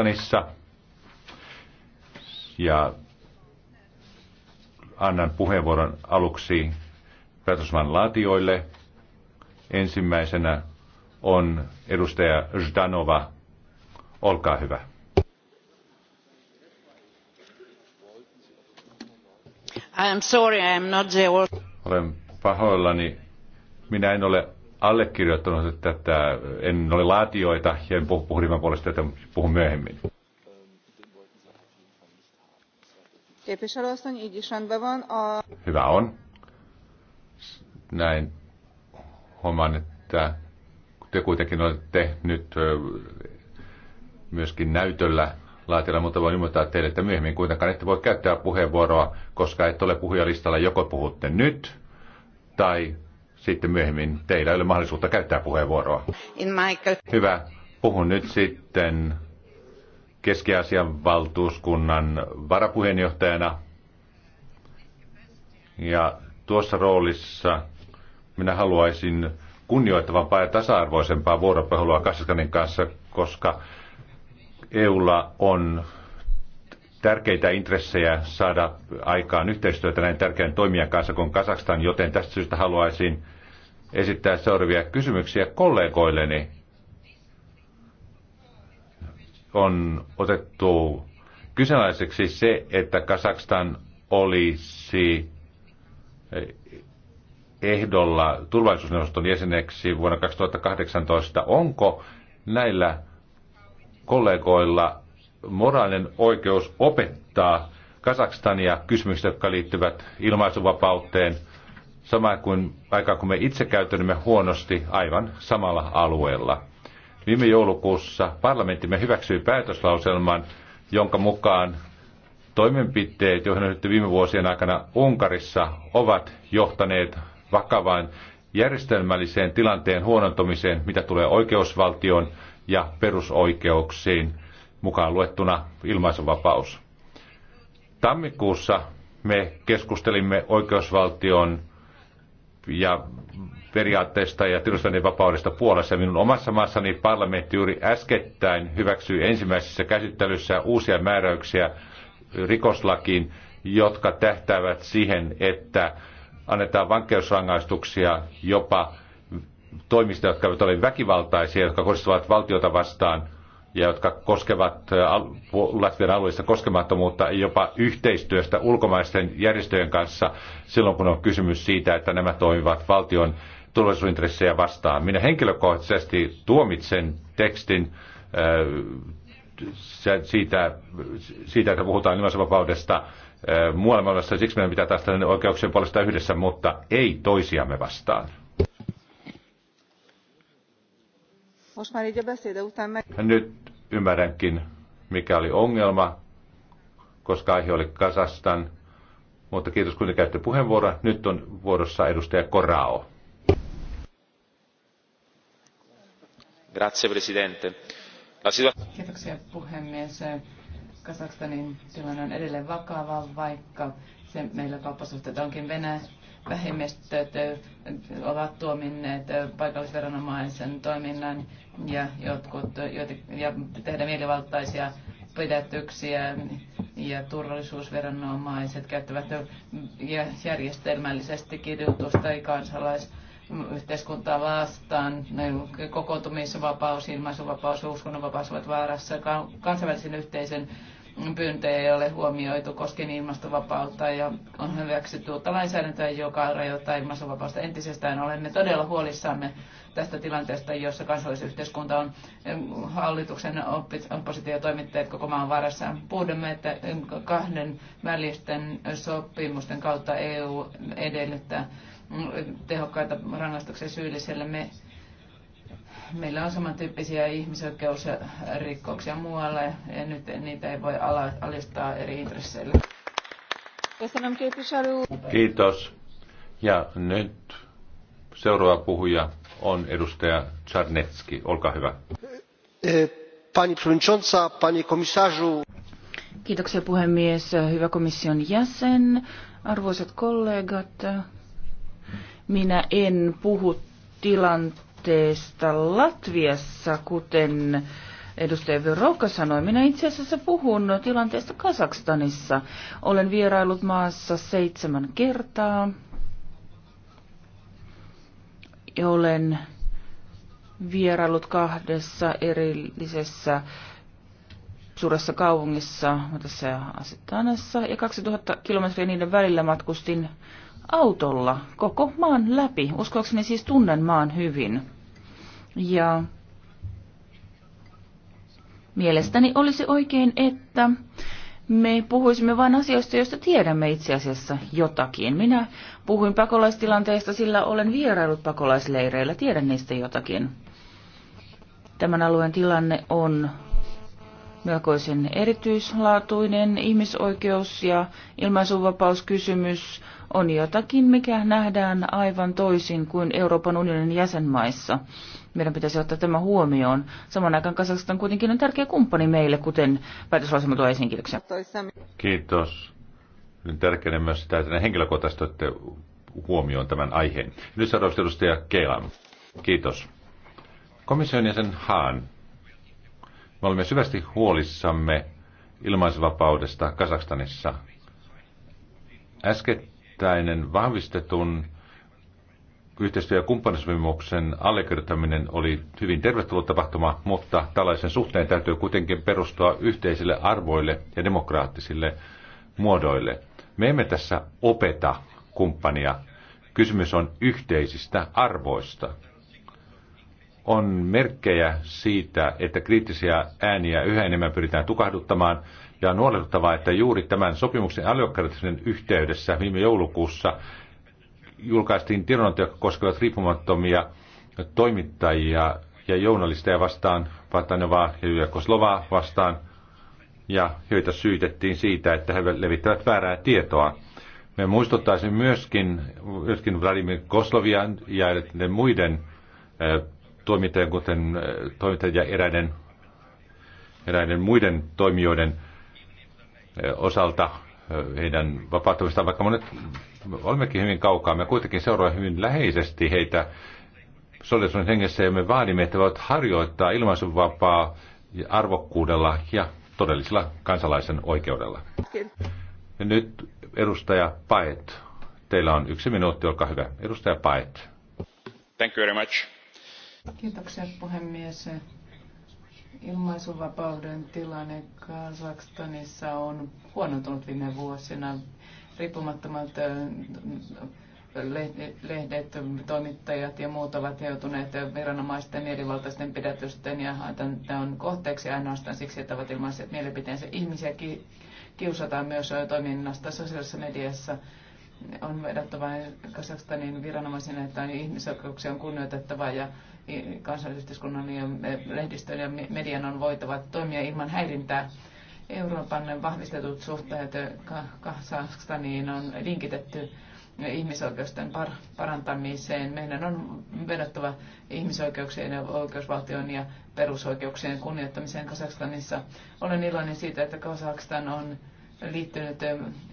Afganistanissa. Ja annan puheenvuoron aluksi päätösman laatioille. Ensimmäisenä on edustaja Zdanova. Olkaa hyvä. I am sorry, I am not the... Olen pahoillani. Minä en ole allekirjoittanut tätä, en ole laatioita ja en puhu, puhu ryhmän puolesta, että puhun myöhemmin. Hyvä on. Näin homman, että te kuitenkin olette nyt myöskin näytöllä laatilla, mutta voin ilmoittaa teille, että myöhemmin kuitenkaan ette voi käyttää puheenvuoroa, koska et ole puhujalistalla, joko puhutte nyt tai sitten myöhemmin teillä ei ole mahdollisuutta käyttää puheenvuoroa. Hyvä. Puhun nyt sitten Keski-Aasian valtuuskunnan varapuheenjohtajana. Ja tuossa roolissa minä haluaisin kunnioittavampaa ja tasa-arvoisempaa vuoropuhelua Kasakanin kanssa, koska EUlla on tärkeitä intressejä saada aikaan yhteistyötä näin tärkeän toimijan kanssa kuin Kasakstan, joten tästä syystä haluaisin esittää seuraavia kysymyksiä kollegoilleni. On otettu kyseenalaiseksi se, että Kasakstan olisi ehdolla turvallisuusneuvoston jäseneksi vuonna 2018. Onko näillä kollegoilla moraalinen oikeus opettaa Kasakstania kysymyksiä, jotka liittyvät ilmaisuvapauteen, sama kuin aika kun me itse käytämme huonosti aivan samalla alueella. Viime joulukuussa parlamenttimme hyväksyi päätöslauselman, jonka mukaan toimenpiteet, joihin on viime vuosien aikana Unkarissa, ovat johtaneet vakavaan järjestelmälliseen tilanteen huonontumiseen, mitä tulee oikeusvaltioon ja perusoikeuksiin, mukaan luettuna ilmaisuvapaus. Tammikuussa me keskustelimme oikeusvaltion ja periaatteesta ja tiedustelun vapaudesta Puolassa. Minun omassa maassani parlamentti juuri äskettäin hyväksyi ensimmäisessä käsittelyssä uusia määräyksiä rikoslakiin, jotka tähtäävät siihen, että annetaan vankeusrangaistuksia jopa toimista, jotka ovat väkivaltaisia, jotka kohdistuvat valtiota vastaan, ja jotka koskevat Latvian alueista koskemattomuutta jopa yhteistyöstä ulkomaisten järjestöjen kanssa silloin, kun on kysymys siitä, että nämä toimivat valtion turvallisuusintressejä vastaan. Minä henkilökohtaisesti tuomitsen tekstin siitä, siitä että puhutaan ilmaisuvapaudesta muualla maailmassa, siksi meidän pitää taas tällainen oikeuksien puolesta yhdessä, mutta ei toisiamme vastaan. Nyt ymmärränkin, mikä oli ongelma, koska aihe oli Kasastan. Mutta kiitos, kun käytte puheenvuoroa. Nyt on vuorossa edustaja Korao. Grazie, presidente. Kiitoksia puhemies. Kasakstanin tilanne on edelleen vakava, vaikka se meillä kauppasuhteet onkin Venäjä vähemmistöt ovat tuominneet paikallisviranomaisen toiminnan ja, jotkut, ja tehdä mielivaltaisia pidätyksiä ja turvallisuusviranomaiset käyttävät järjestelmällisesti kidutusta ja kansalaisyhteiskuntaa vastaan. No, kokoontumisvapaus, ilmaisuvapaus, uskonnonvapaus ovat vaarassa. Kansainvälisen yhteisön pyyntöjä ei ole huomioitu koskien ilmastovapautta ja on hyväksytty uutta lainsäädäntöä, joka rajoittaa ilmastovapautta entisestään. Olemme todella huolissamme tästä tilanteesta, jossa kansallisyhteiskunta on hallituksen oppositiotoimittajat koko maan varassa. Puudemme, että kahden välisten sopimusten kautta EU edellyttää mm, tehokkaita rangaistuksia syylliselle. Me meillä on samantyyppisiä ihmisoikeusrikkouksia muualla ja nyt niitä ei voi alistaa eri intresseille. Kiitos. Ja nyt seuraava puhuja on edustaja Czarnecki. Olkaa hyvä. Pani przewodnicząca, panie komisarzu. Kiitoksia puhemies, hyvä komission jäsen, arvoisat kollegat. Minä en puhu tilanteesta tilanteesta Latviassa, kuten edustaja Verokka sanoi. Minä itse asiassa puhun tilanteesta Kasakstanissa. Olen vierailut maassa seitsemän kertaa. Ja olen vierailut kahdessa erillisessä suuressa kaupungissa, tässä Asetanassa, ja 2000 kilometriä niiden välillä matkustin autolla koko maan läpi. Uskoakseni siis tunnen maan hyvin. Ja mielestäni olisi oikein, että me puhuisimme vain asioista, joista tiedämme itse asiassa jotakin. Minä puhuin pakolaistilanteesta, sillä olen vierailut pakolaisleireillä, tiedän niistä jotakin. Tämän alueen tilanne on melkoisen erityislaatuinen ihmisoikeus- ja ilmaisuvapauskysymys on jotakin, mikä nähdään aivan toisin kuin Euroopan unionin jäsenmaissa. Meidän pitäisi ottaa tämä huomioon. Saman aikaan Kasakstan kuitenkin on tärkeä kumppani meille, kuten päätöslausema tuo esiin. Kiitoksia. Kiitos. Nyt tärkeänä myös sitä, että henkilökohtaisesti otte huomioon tämän aiheen. Nyt seuraavaksi edustaja Kelan. Kiitos. Komission jäsen Haan me olemme syvästi huolissamme ilmaisvapaudesta Kazakstanissa. Äskettäinen vahvistetun yhteistyö- ja kumppanisopimuksen allekirjoittaminen oli hyvin tervetullut tapahtuma, mutta tällaisen suhteen täytyy kuitenkin perustua yhteisille arvoille ja demokraattisille muodoille. Me emme tässä opeta kumppania. Kysymys on yhteisistä arvoista on merkkejä siitä, että kriittisiä ääniä yhä enemmän pyritään tukahduttamaan, ja on huolehduttavaa, että juuri tämän sopimuksen allokkaatisen yhteydessä viime joulukuussa julkaistiin tiedonantoja, jotka koskevat riippumattomia toimittajia ja journalisteja vastaan, Vatanovaa ja Jyökoslovaa vastaan, ja joita syytettiin siitä, että he levittävät väärää tietoa. Me muistuttaisin myöskin, myöskin Vladimir Koslovia ja muiden toimittajan, kuten eh, toimittajien ja eräiden, eräiden muiden toimijoiden eh, osalta eh, heidän vapauttamistaan, vaikka monet olemmekin hyvin kaukaa, me kuitenkin seuraamme hyvin läheisesti heitä solidarisuuden hengessä ja me vaadimme, että voivat harjoittaa ilmaisuvapaa arvokkuudella ja todellisella kansalaisen oikeudella. Ja nyt edustaja Paet. Teillä on yksi minuutti, olkaa hyvä. Edustaja Paet. Thank you very much. Kiitoksia puhemies. Ilmaisuvapauden tilanne Kazakstanissa on huonontunut viime vuosina. Riippumattomat lehdet, toimittajat ja muut ovat joutuneet viranomaisten mielivaltaisten pidätysten ja on kohteeksi ainoastaan siksi, että ovat ilmaiset mielipiteensä. Ihmisiä kiusataan myös toiminnasta sosiaalisessa mediassa. On vedottava Kazakstanin viranomaisina, että ihmisoikeuksia on kunnioitettava ja kansallisyhteiskunnan ja lehdistön ja median on voitava toimia ilman häirintää. Euroopan vahvistetut suhteet Kazakstaniin on linkitetty ihmisoikeusten par- parantamiseen. Meidän on vedottava ihmisoikeuksien ja oikeusvaltion ja perusoikeuksien kunnioittamiseen Kazakstanissa. Olen iloinen siitä, että Kazakstan on liittynyt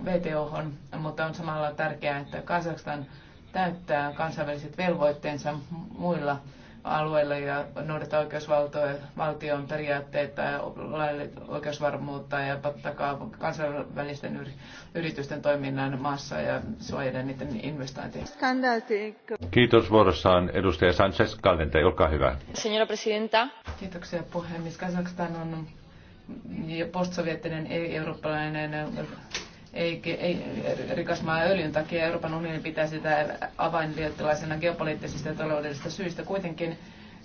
VTOhon, mutta on samalla tärkeää, että Kazakstan täyttää kansainväliset velvoitteensa muilla alueella ja noudattaa oikeusvaltion periaatteita ja oikeusvarmuutta ja takaa kansainvälisten yritysten toiminnan maassa ja suojelen niiden investointeja. Kiitos vuorossaan edustaja Sanchez kallente. olkaa hyvä. Señora presidenta. Kiitoksia puhemies. Kazakstan on postsovjettinen ei-eurooppalainen ei, ei rikas maa öljyn takia. Euroopan unioni pitää sitä avainliottilaisena geopoliittisista ja taloudellisista syistä. Kuitenkin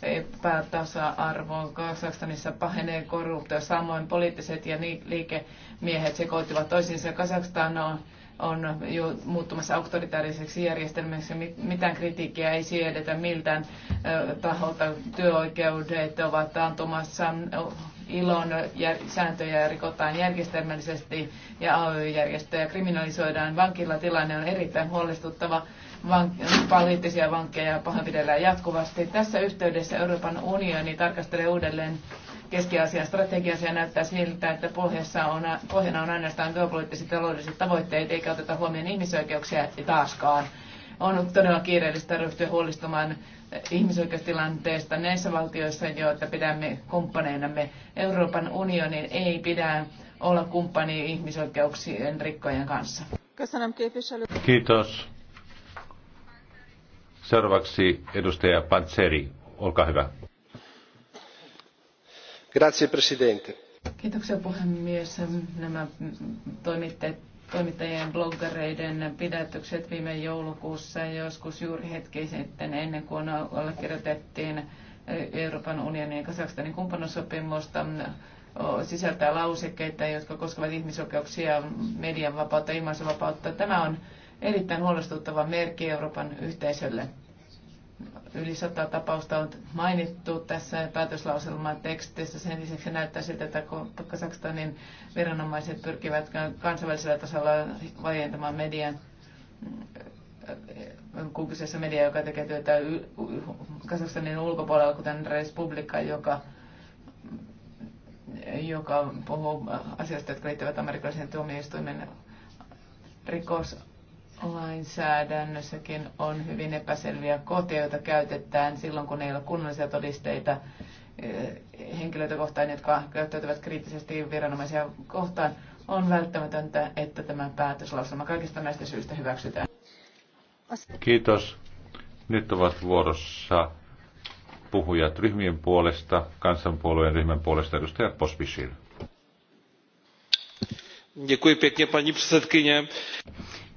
epätasa-arvo Kazakstanissa pahenee korruptio. Samoin poliittiset ja liikemiehet sekoittivat toisiinsa. Kazakstan on, on jo muuttumassa auktoritaariseksi järjestelmäksi. Mitään kritiikkiä ei siedetä miltään taholta. Työoikeudet ovat taantumassa ilon sääntöjä rikotaan järjestelmällisesti ja AY-järjestöjä kriminalisoidaan. Vankilatilanne on erittäin huolestuttava. Vank- poliittisia vankeja pahoinpidellään jatkuvasti. Tässä yhteydessä Euroopan unioni tarkastelee uudelleen Keski-Aasian strategiassa ja näyttää siltä, että pohjassa on, pohjana on ainoastaan geopoliittiset taloudelliset tavoitteet, eikä oteta huomioon ihmisoikeuksia taaskaan. On todella kiireellistä ryhtyä huolistumaan ihmisoikeustilanteesta näissä valtioissa, joita pidämme kumppaneinamme. Euroopan unionin ei pidä olla kumppani ihmisoikeuksien rikkojen kanssa. Kiitos. Seuraavaksi edustaja Panzeri, olkaa hyvä. Grazie, Presidente. Kiitoksia puhemies. Nämä toimitteet toimittajien bloggareiden pidätykset viime joulukuussa joskus juuri hetki sitten ennen kuin allekirjoitettiin Euroopan unionin ja Kazakstanin kumppanuussopimusta sisältää lausekkeita, jotka koskevat ihmisoikeuksia, median vapautta, ilmaisuvapautta. Tämä on erittäin huolestuttava merkki Euroopan yhteisölle. Yli sata tapausta on mainittu tässä päätöslauselman tekstissä. Sen lisäksi näyttää siltä, että Kazakstanin viranomaiset pyrkivät kansainvälisellä tasolla vaientamaan median äh, äh, kun media, joka tekee työtä Kazakstanin ulkopuolella, kuten Respublika, joka, joka puhuu asioista, jotka liittyvät amerikkalaisen tuomioistuimen rikos lainsäädännössäkin on hyvin epäselviä koteja, joita käytetään silloin, kun ei ole kunnollisia todisteita eh, henkilöitä kohtaan, jotka käyttäytyvät kriittisesti viranomaisia kohtaan. On välttämätöntä, että tämä päätöslauselma kaikista näistä syistä hyväksytään. Kiitos. Nyt ovat vuorossa puhujat ryhmien puolesta, kansanpuolueen ryhmän puolesta edustaja Pospisil. Děkuji pěkně, paní předsedkyně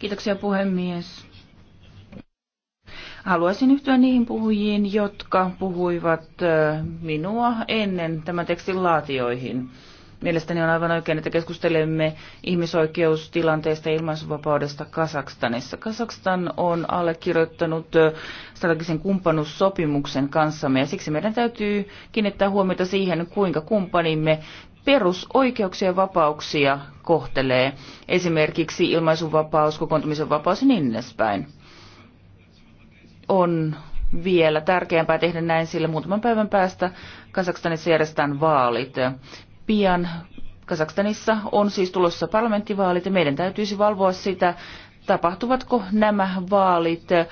Kiitoksia puhemies. Haluaisin yhtyä niihin puhujiin, jotka puhuivat minua ennen tämän tekstin laatioihin. Mielestäni on aivan oikein, että keskustelemme ihmisoikeustilanteesta ja ilmaisuvapaudesta Kasakstanissa. Kasakstan on allekirjoittanut strategisen kumppanuussopimuksen kanssamme ja siksi meidän täytyy kiinnittää huomiota siihen, kuinka kumppanimme perusoikeuksia ja vapauksia kohtelee, esimerkiksi ilmaisunvapaus, kokoontumisen vapaus ja niin edespäin. On vielä tärkeämpää tehdä näin, sillä muutaman päivän päästä Kazakstanissa järjestetään vaalit. Pian Kazakstanissa on siis tulossa parlamenttivaalit ja meidän täytyisi valvoa sitä, tapahtuvatko nämä vaalit äh,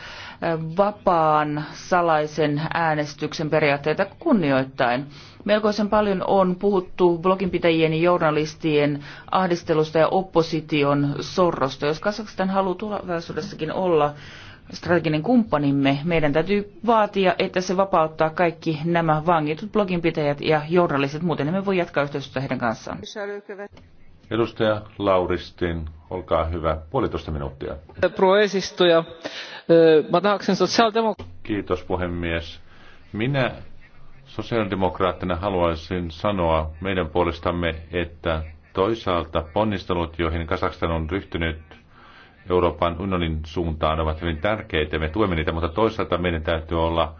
vapaan salaisen äänestyksen periaatteita kunnioittain. Melkoisen paljon on puhuttu bloginpitäjien ja journalistien ahdistelusta ja opposition sorrosta. Jos Kazakstan haluaa tulevaisuudessakin olla strateginen kumppanimme, meidän täytyy vaatia, että se vapauttaa kaikki nämä vangitut bloginpitäjät ja journalistit. Muuten emme voi jatkaa yhteistyötä heidän kanssaan. Edustaja Lauristin, olkaa hyvä. Puolitoista minuuttia. Proesistoja. Mä tahaksen sosiaalidemokraattien... Kiitos puhemies. Minä Sosiaalidemokraattina haluaisin sanoa meidän puolestamme, että toisaalta ponnistelut, joihin Kasakstan on ryhtynyt Euroopan unionin suuntaan, ovat hyvin tärkeitä. Me tuemme niitä, mutta toisaalta meidän täytyy olla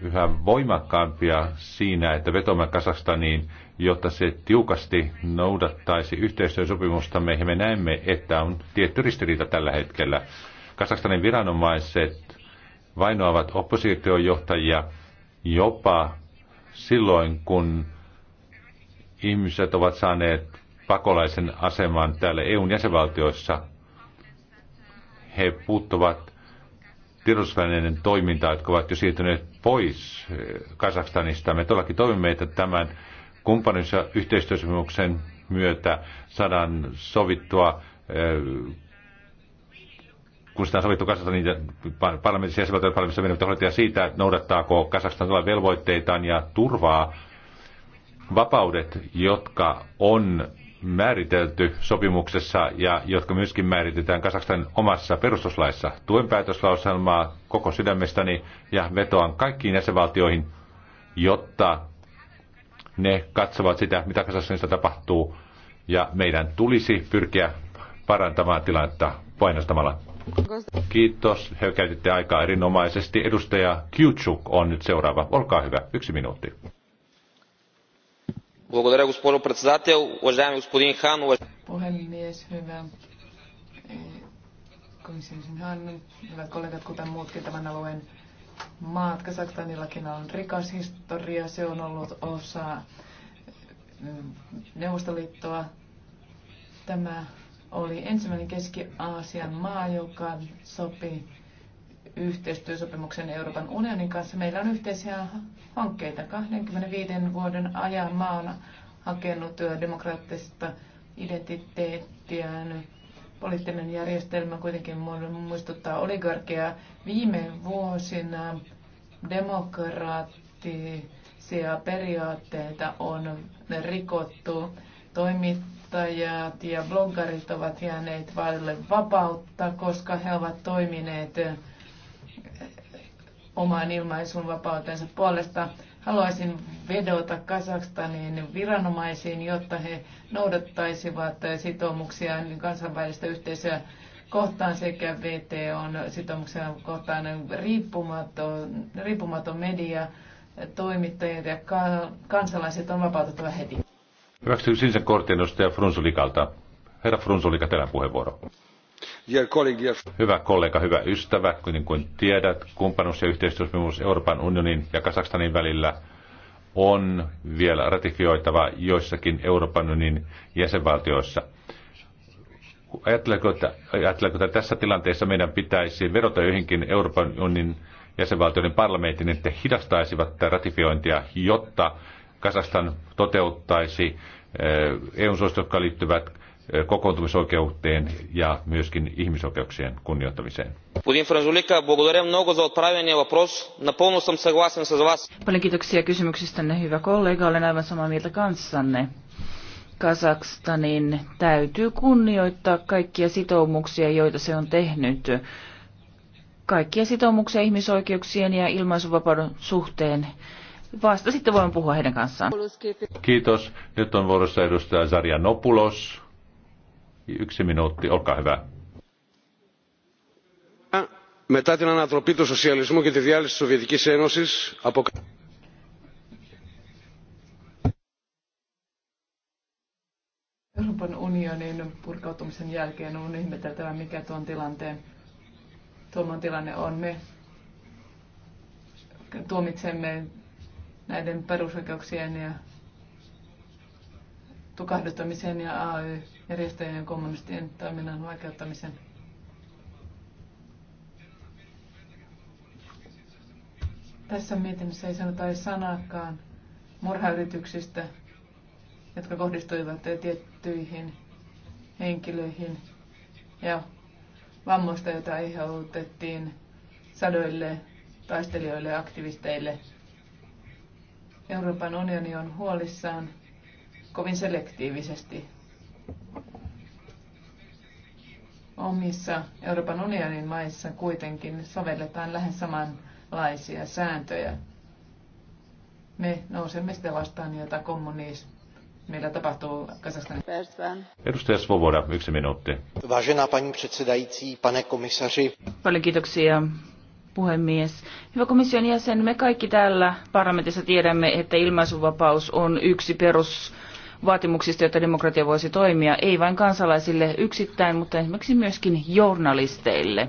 yhä voimakkaampia siinä, että vetomme Kasakstaniin, jotta se tiukasti noudattaisi yhteistyösopimustamme. Ja me näemme, että on tietty ristiriita tällä hetkellä. Kasakstanin viranomaiset vainoavat oppositiojohtajia jopa silloin, kun ihmiset ovat saaneet pakolaisen aseman täällä EUn jäsenvaltioissa. He puuttuvat tiedotusvälineiden toimintaa, jotka ovat jo siirtyneet pois eh, Kazakstanista. Me todellakin toivomme, että tämän kumppanuus- ja yhteistyösopimuksen myötä saadaan sovittua eh, kun sitä on sovittu Kasakstanin niin parlamentissa jäsenvaltion parlamentissa meidän pitää huolehtia siitä, että noudattaako Kasakstan velvoitteitaan ja turvaa vapaudet, jotka on määritelty sopimuksessa ja jotka myöskin määritetään Kasakstan omassa perustuslaissa. Tuen päätöslauselmaa koko sydämestäni ja vetoan kaikkiin jäsenvaltioihin, jotta ne katsovat sitä, mitä Kasakstanissa tapahtuu, ja meidän tulisi pyrkiä parantamaan tilannetta painostamalla Kiitos. He käytitte aikaa erinomaisesti. Edustaja Kyutsuk on nyt seuraava. Olkaa hyvä. Yksi minuutti. Puhemies, hyvä komission hän, hyvät kollegat, kuten muutkin tämän alueen maat, Kazakstanilla on rikas historia, se on ollut osa mm, Neuvostoliittoa. Tämä oli ensimmäinen Keski-Aasian maa, joka sopi yhteistyösopimuksen Euroopan unionin kanssa. Meillä on yhteisiä hankkeita. 25 vuoden ajan maa on hakenut demokraattista identiteettiä. Poliittinen järjestelmä kuitenkin muistuttaa oligarkia. Viime vuosina demokraattisia periaatteita on rikottu. Toimit blogittajat ja bloggarit ovat jääneet vaille vapautta, koska he ovat toimineet eh, oman ilmaisun vapautensa puolesta. Haluaisin vedota Kazakstanin viranomaisiin, jotta he noudattaisivat sitoumuksia kansainvälistä yhteisöä kohtaan sekä VTOn sitoumuksia kohtaan riippumaton, riippumaton media, toimittajat ja kansalaiset on vapautettava heti. Hyväksytty sinisen kortin edustaja Frunzulikalta. Herra Frunzulika, teidän puheenvuoro. Hyvä kollega, hyvä ystävä, niin kuin tiedät, kumppanuus- ja yhteistyösopimus Euroopan unionin ja Kasakstanin välillä on vielä ratifioitava joissakin Euroopan unionin jäsenvaltioissa. Ajatteleeko, että, ajatteleeko, että tässä tilanteessa meidän pitäisi vedota joihinkin Euroopan unionin jäsenvaltioiden parlamentin, että hidastaisivat tätä ratifiointia, jotta Kasastan toteuttaisi eh, eu suositukset, jotka liittyvät eh, kokoontumisoikeuteen ja myöskin ihmisoikeuksien kunnioittamiseen. Paljon kiitoksia kysymyksistänne, hyvä kollega. Olen aivan samaa mieltä kanssanne. Kasakstanin täytyy kunnioittaa kaikkia sitoumuksia, joita se on tehnyt. Kaikkia sitoumuksia ihmisoikeuksien ja ilmaisuvapauden suhteen Vasta sitten voin puhua heidän kanssaan. Kiitos. Nyt on vuorossa edustaja Zaria Nopulos. Yksi minuutti, olkaa hyvä. Μετά την ανατροπή του σοσιαλισμού και τη διάλυση της Σοβιετικής Ένωσης από... Euroopan unionin purkautumisen jälkeen on ihmeteltävä, mikä tuon tilanteen tuoman tilanne on. Me tuomitsemme näiden perusoikeuksien ja tukahduttamisen ja AY-järjestöjen ja kommunistien toiminnan vaikeuttamisen. Tässä mietinnössä ei sanota edes sanaakaan murhayrityksistä, jotka kohdistuivat tiettyihin henkilöihin ja vammoista, joita aiheutettiin sadoille taistelijoille ja aktivisteille – Euroopan unioni on huolissaan kovin selektiivisesti omissa Euroopan unionin maissa kuitenkin sovelletaan lähes samanlaisia sääntöjä. Me nousemme sitä vastaan, jota kommunismi meillä tapahtuu Kazakstanissa. Edustaja Svoboda, yksi minuutti. Vážená paní předsedající, pane komisaři. Paljon kiitoksia puhemies. Hyvä komission jäsen, me kaikki täällä parlamentissa tiedämme, että ilmaisuvapaus on yksi perus vaatimuksista, jotta demokratia voisi toimia, ei vain kansalaisille yksittäin, mutta esimerkiksi myöskin journalisteille.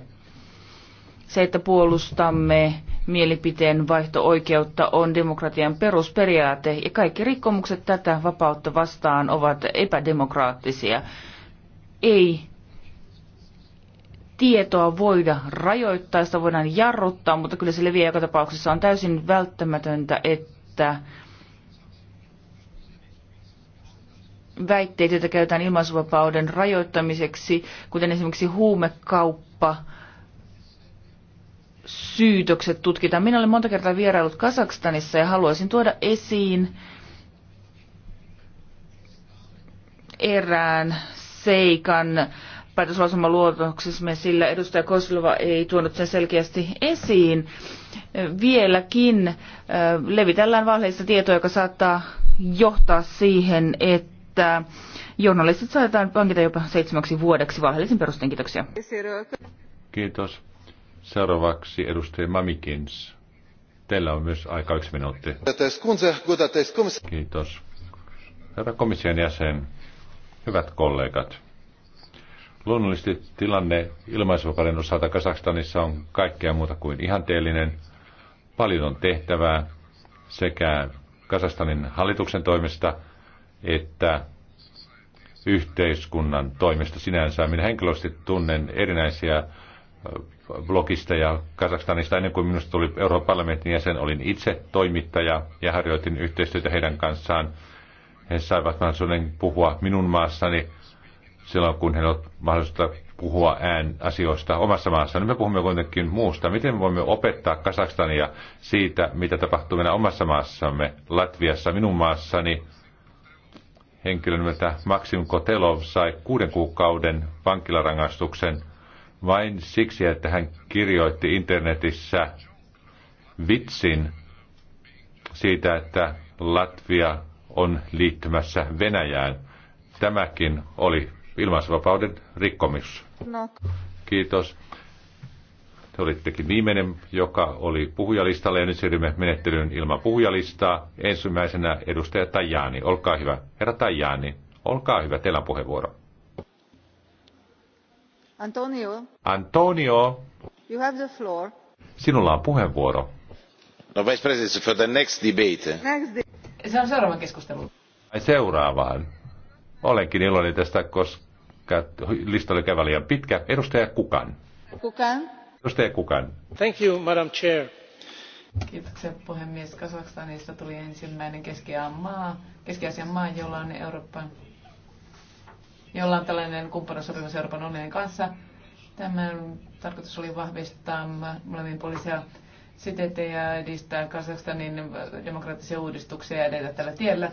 Se, että puolustamme mielipiteen vaihto-oikeutta on demokratian perusperiaate ja kaikki rikkomukset tätä vapautta vastaan ovat epädemokraattisia. Ei tietoa voida rajoittaa, sitä voidaan jarruttaa, mutta kyllä se leviää joka tapauksessa. On täysin välttämätöntä, että väitteitä, joita käytetään ilmaisuvapauden rajoittamiseksi, kuten esimerkiksi huumekauppa, syytökset tutkitaan. Minä olen monta kertaa vierailut Kasakstanissa ja haluaisin tuoda esiin erään seikan päätöslausuman luonnoksemme, sillä edustaja Koslova ei tuonut sen selkeästi esiin. Vieläkin äh, levitellään valheista tietoa, joka saattaa johtaa siihen, että journalistit saatetaan pankita jopa seitsemäksi vuodeksi valheellisin perustein. Kiitoksia. Kiitos. Seuraavaksi edustaja Mamikins. Teillä on myös aika yksi minuutti. Kiitos. Herra komission jäsen, hyvät kollegat. Luonnollisesti tilanne ilmaisuvapauden osalta Kazakstanissa on kaikkea muuta kuin ihanteellinen. Paljon on tehtävää sekä Kazakstanin hallituksen toimesta että yhteiskunnan toimesta sinänsä. Minä henkilökohtaisesti tunnen erinäisiä blogista ja Kazakstanista ennen kuin minusta tuli Euroopan parlamentin jäsen, olin itse toimittaja ja harjoitin yhteistyötä heidän kanssaan. He saivat mahdollisuuden puhua minun maassani silloin, kun heillä on mahdollista puhua ään asioista omassa maassaan. Niin me puhumme kuitenkin muusta. Miten me voimme opettaa Kasakstania siitä, mitä tapahtuu meidän omassa maassamme, Latviassa, minun maassani? Henkilö nimeltä Maksim Kotelov sai kuuden kuukauden vankilarangaistuksen vain siksi, että hän kirjoitti internetissä vitsin siitä, että Latvia on liittymässä Venäjään. Tämäkin oli ilmaisvapauden rikkomus. No. Kiitos. Te olittekin viimeinen, joka oli puhujalistalla ja nyt siirrymme menettelyyn ilman puhujalistaa. Ensimmäisenä edustaja Tajani, olkaa hyvä. Herra Tajani, olkaa hyvä, teillä on puheenvuoro. Antonio. Antonio. You have the floor. Sinulla on puheenvuoro. No vice president, for the next debate. Next de- Se on seuraava keskustelu. Seuraavaan. Olenkin iloinen tästä, koska lista oli kävä liian pitkä. Edustaja Kukan. Kukan. Edustaja Kukan. Thank you, Madam Chair. Kiitoksia puhemies. Kasakstanista tuli ensimmäinen keski maa, keski-Aasian maa, jolla on Euroopan, jolla on tällainen kumppanuussopimus Euroopan unionin kanssa. Tämän tarkoitus oli vahvistaa molemmin poliisia, siteitä ja edistää Kasakstanin demokraattisia uudistuksia ja edetä tällä tiellä.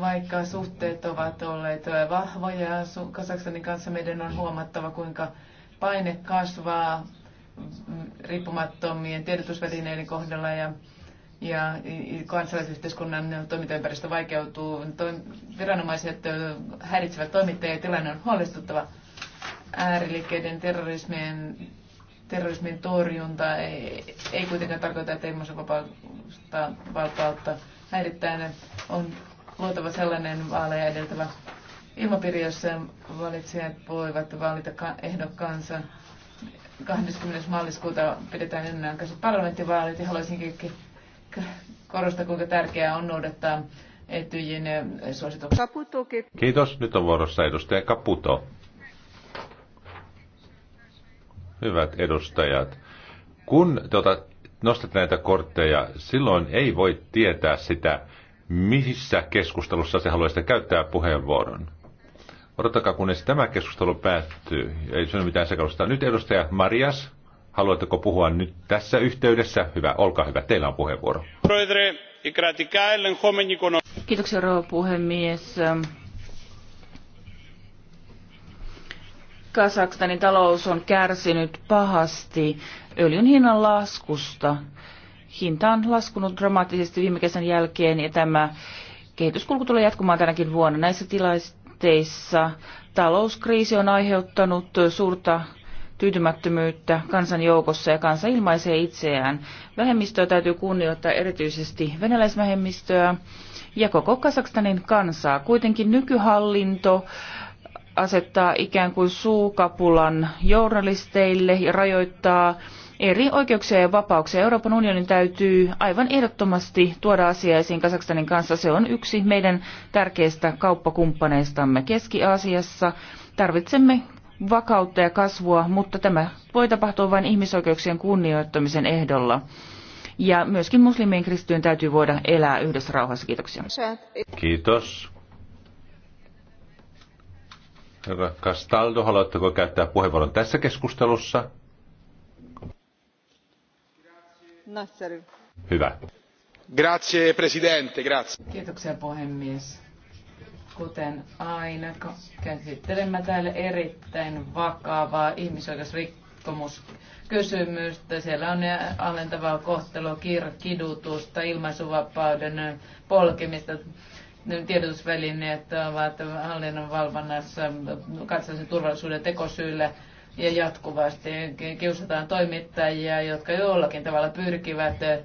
Vaikka suhteet ovat olleet vahvoja Kasaksanin kanssa, meidän on huomattava, kuinka paine kasvaa mm, riippumattomien tiedotusvälineiden kohdalla ja, ja kansalaisyhteiskunnan toimintaympäristö vaikeutuu. viranomaiset häiritsevät toimittajia ja tilanne on huolestuttava. Ääriliikkeiden terrorismien terrorismin torjunta ei, ei kuitenkaan tarkoita, että ilmaisuvapautta häiritään. On luotava sellainen vaaleja edeltävä ilmapiiri, jossa valitsijat voivat valita ehdokkaansa. 20. maaliskuuta pidetään ennenaikaiset parlamenttivaalit ja haluaisinkin korostaa, kuinka tärkeää on noudattaa Etyjin eh, suosituksia. Kiitos. Nyt on vuorossa edustaja Kaputo. Hyvät edustajat, kun tuota, nostat näitä kortteja, silloin ei voi tietää sitä, missä keskustelussa te haluaisitte käyttää puheenvuoron. Odottakaa, kunnes tämä keskustelu päättyy. Ei se ole mitään sekalusta. Nyt edustaja Marias, haluatteko puhua nyt tässä yhteydessä? Hyvä, olkaa hyvä. Teillä on puheenvuoro. Kiitoksia, rouva puhemies. Kasakstanin talous on kärsinyt pahasti öljyn hinnan laskusta hinta on laskunut dramaattisesti viime kesän jälkeen ja tämä kehityskulku tulee jatkumaan tänäkin vuonna. Näissä tilanteissa talouskriisi on aiheuttanut suurta tyytymättömyyttä kansan joukossa ja kansa ilmaisee itseään. Vähemmistöä täytyy kunnioittaa erityisesti venäläisvähemmistöä ja koko Kasakstanin kansaa. Kuitenkin nykyhallinto asettaa ikään kuin suukapulan journalisteille ja rajoittaa eri oikeuksia ja vapauksia. Euroopan unionin täytyy aivan ehdottomasti tuoda asia esiin Kazakstanin kanssa. Se on yksi meidän tärkeistä kauppakumppaneistamme Keski-Aasiassa. Tarvitsemme vakautta ja kasvua, mutta tämä voi tapahtua vain ihmisoikeuksien kunnioittamisen ehdolla. Ja myöskin muslimien kristityön täytyy voida elää yhdessä rauhassa. Kiitoksia. Kiitos. Herra Castaldo, haluatteko käyttää puheenvuoron tässä keskustelussa? Hyvä. Grazie, presidente. Grazie. Kiitoksia puhemies. Kuten aina, käsittelemme täällä erittäin vakavaa ihmisoikeusrikkomuskysymystä. Siellä on alentavaa kohtelua, kidutusta, ilmaisuvapauden polkemista, tiedotusvälineet ovat hallinnon valvonnassa kansallisen turvallisuuden tekosyillä ja jatkuvasti kiusataan toimittajia, jotka jollakin tavalla pyrkivät eh,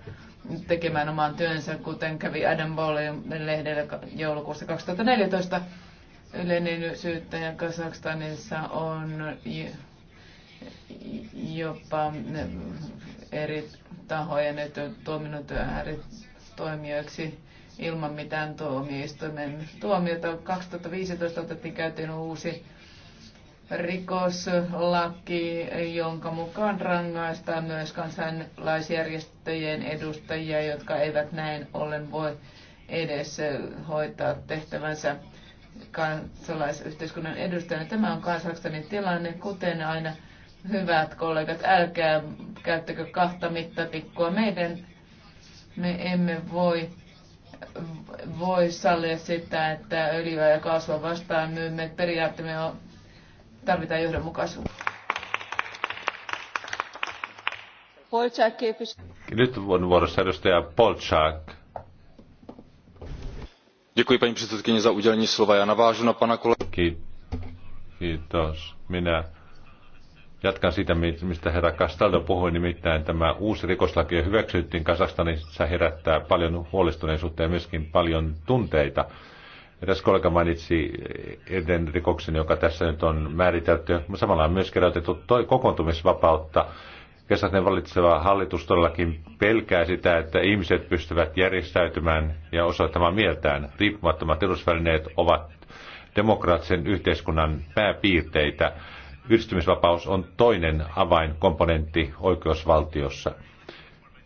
tekemään oman työnsä, kuten kävi Adam Bollin lehdellä joulukuussa 2014. Yleinen syyttäjä Kazakstanissa on jopa eh, eri tahoja nyt tuominut toimijoiksi ilman mitään tuomioistuimen tuomiota. 2015 otettiin käyttöön uusi rikoslaki, jonka mukaan rangaistaan myös kansalaisjärjestöjen edustajia, jotka eivät näin ollen voi edes hoitaa tehtävänsä kansalaisyhteiskunnan edustajana. Tämä on Kansakstanin tilanne, kuten aina hyvät kollegat, älkää käyttäkö kahta mittatikkoa. Meidän me emme voi voi sallia sitä, että öljyä ja kaasua vastaan myymme. Periaatteemme on tarvitaan johdonmukaisuutta. Nyt on vuorossa edustaja Polchak. Děkuji paní předsedkyně za udělení slova. Já navážu na pana kolegu. Kiitos. Minä jatkan siitä, mistä herra Castaldo puhui, nimittäin tämä uusi rikoslaki hyväksyttiin Kasakstanissa herättää paljon huolestuneisuutta ja myöskin paljon tunteita. Eräs kollega mainitsi eden rikoksen, joka tässä nyt on määritelty, mutta samalla on myös kerätetty toi kokoontumisvapautta. Kesäten valitseva hallitus todellakin pelkää sitä, että ihmiset pystyvät järjestäytymään ja osoittamaan mieltään. Riippumattomat edusvälineet ovat demokraattisen yhteiskunnan pääpiirteitä. Yhdistymisvapaus on toinen avainkomponentti oikeusvaltiossa.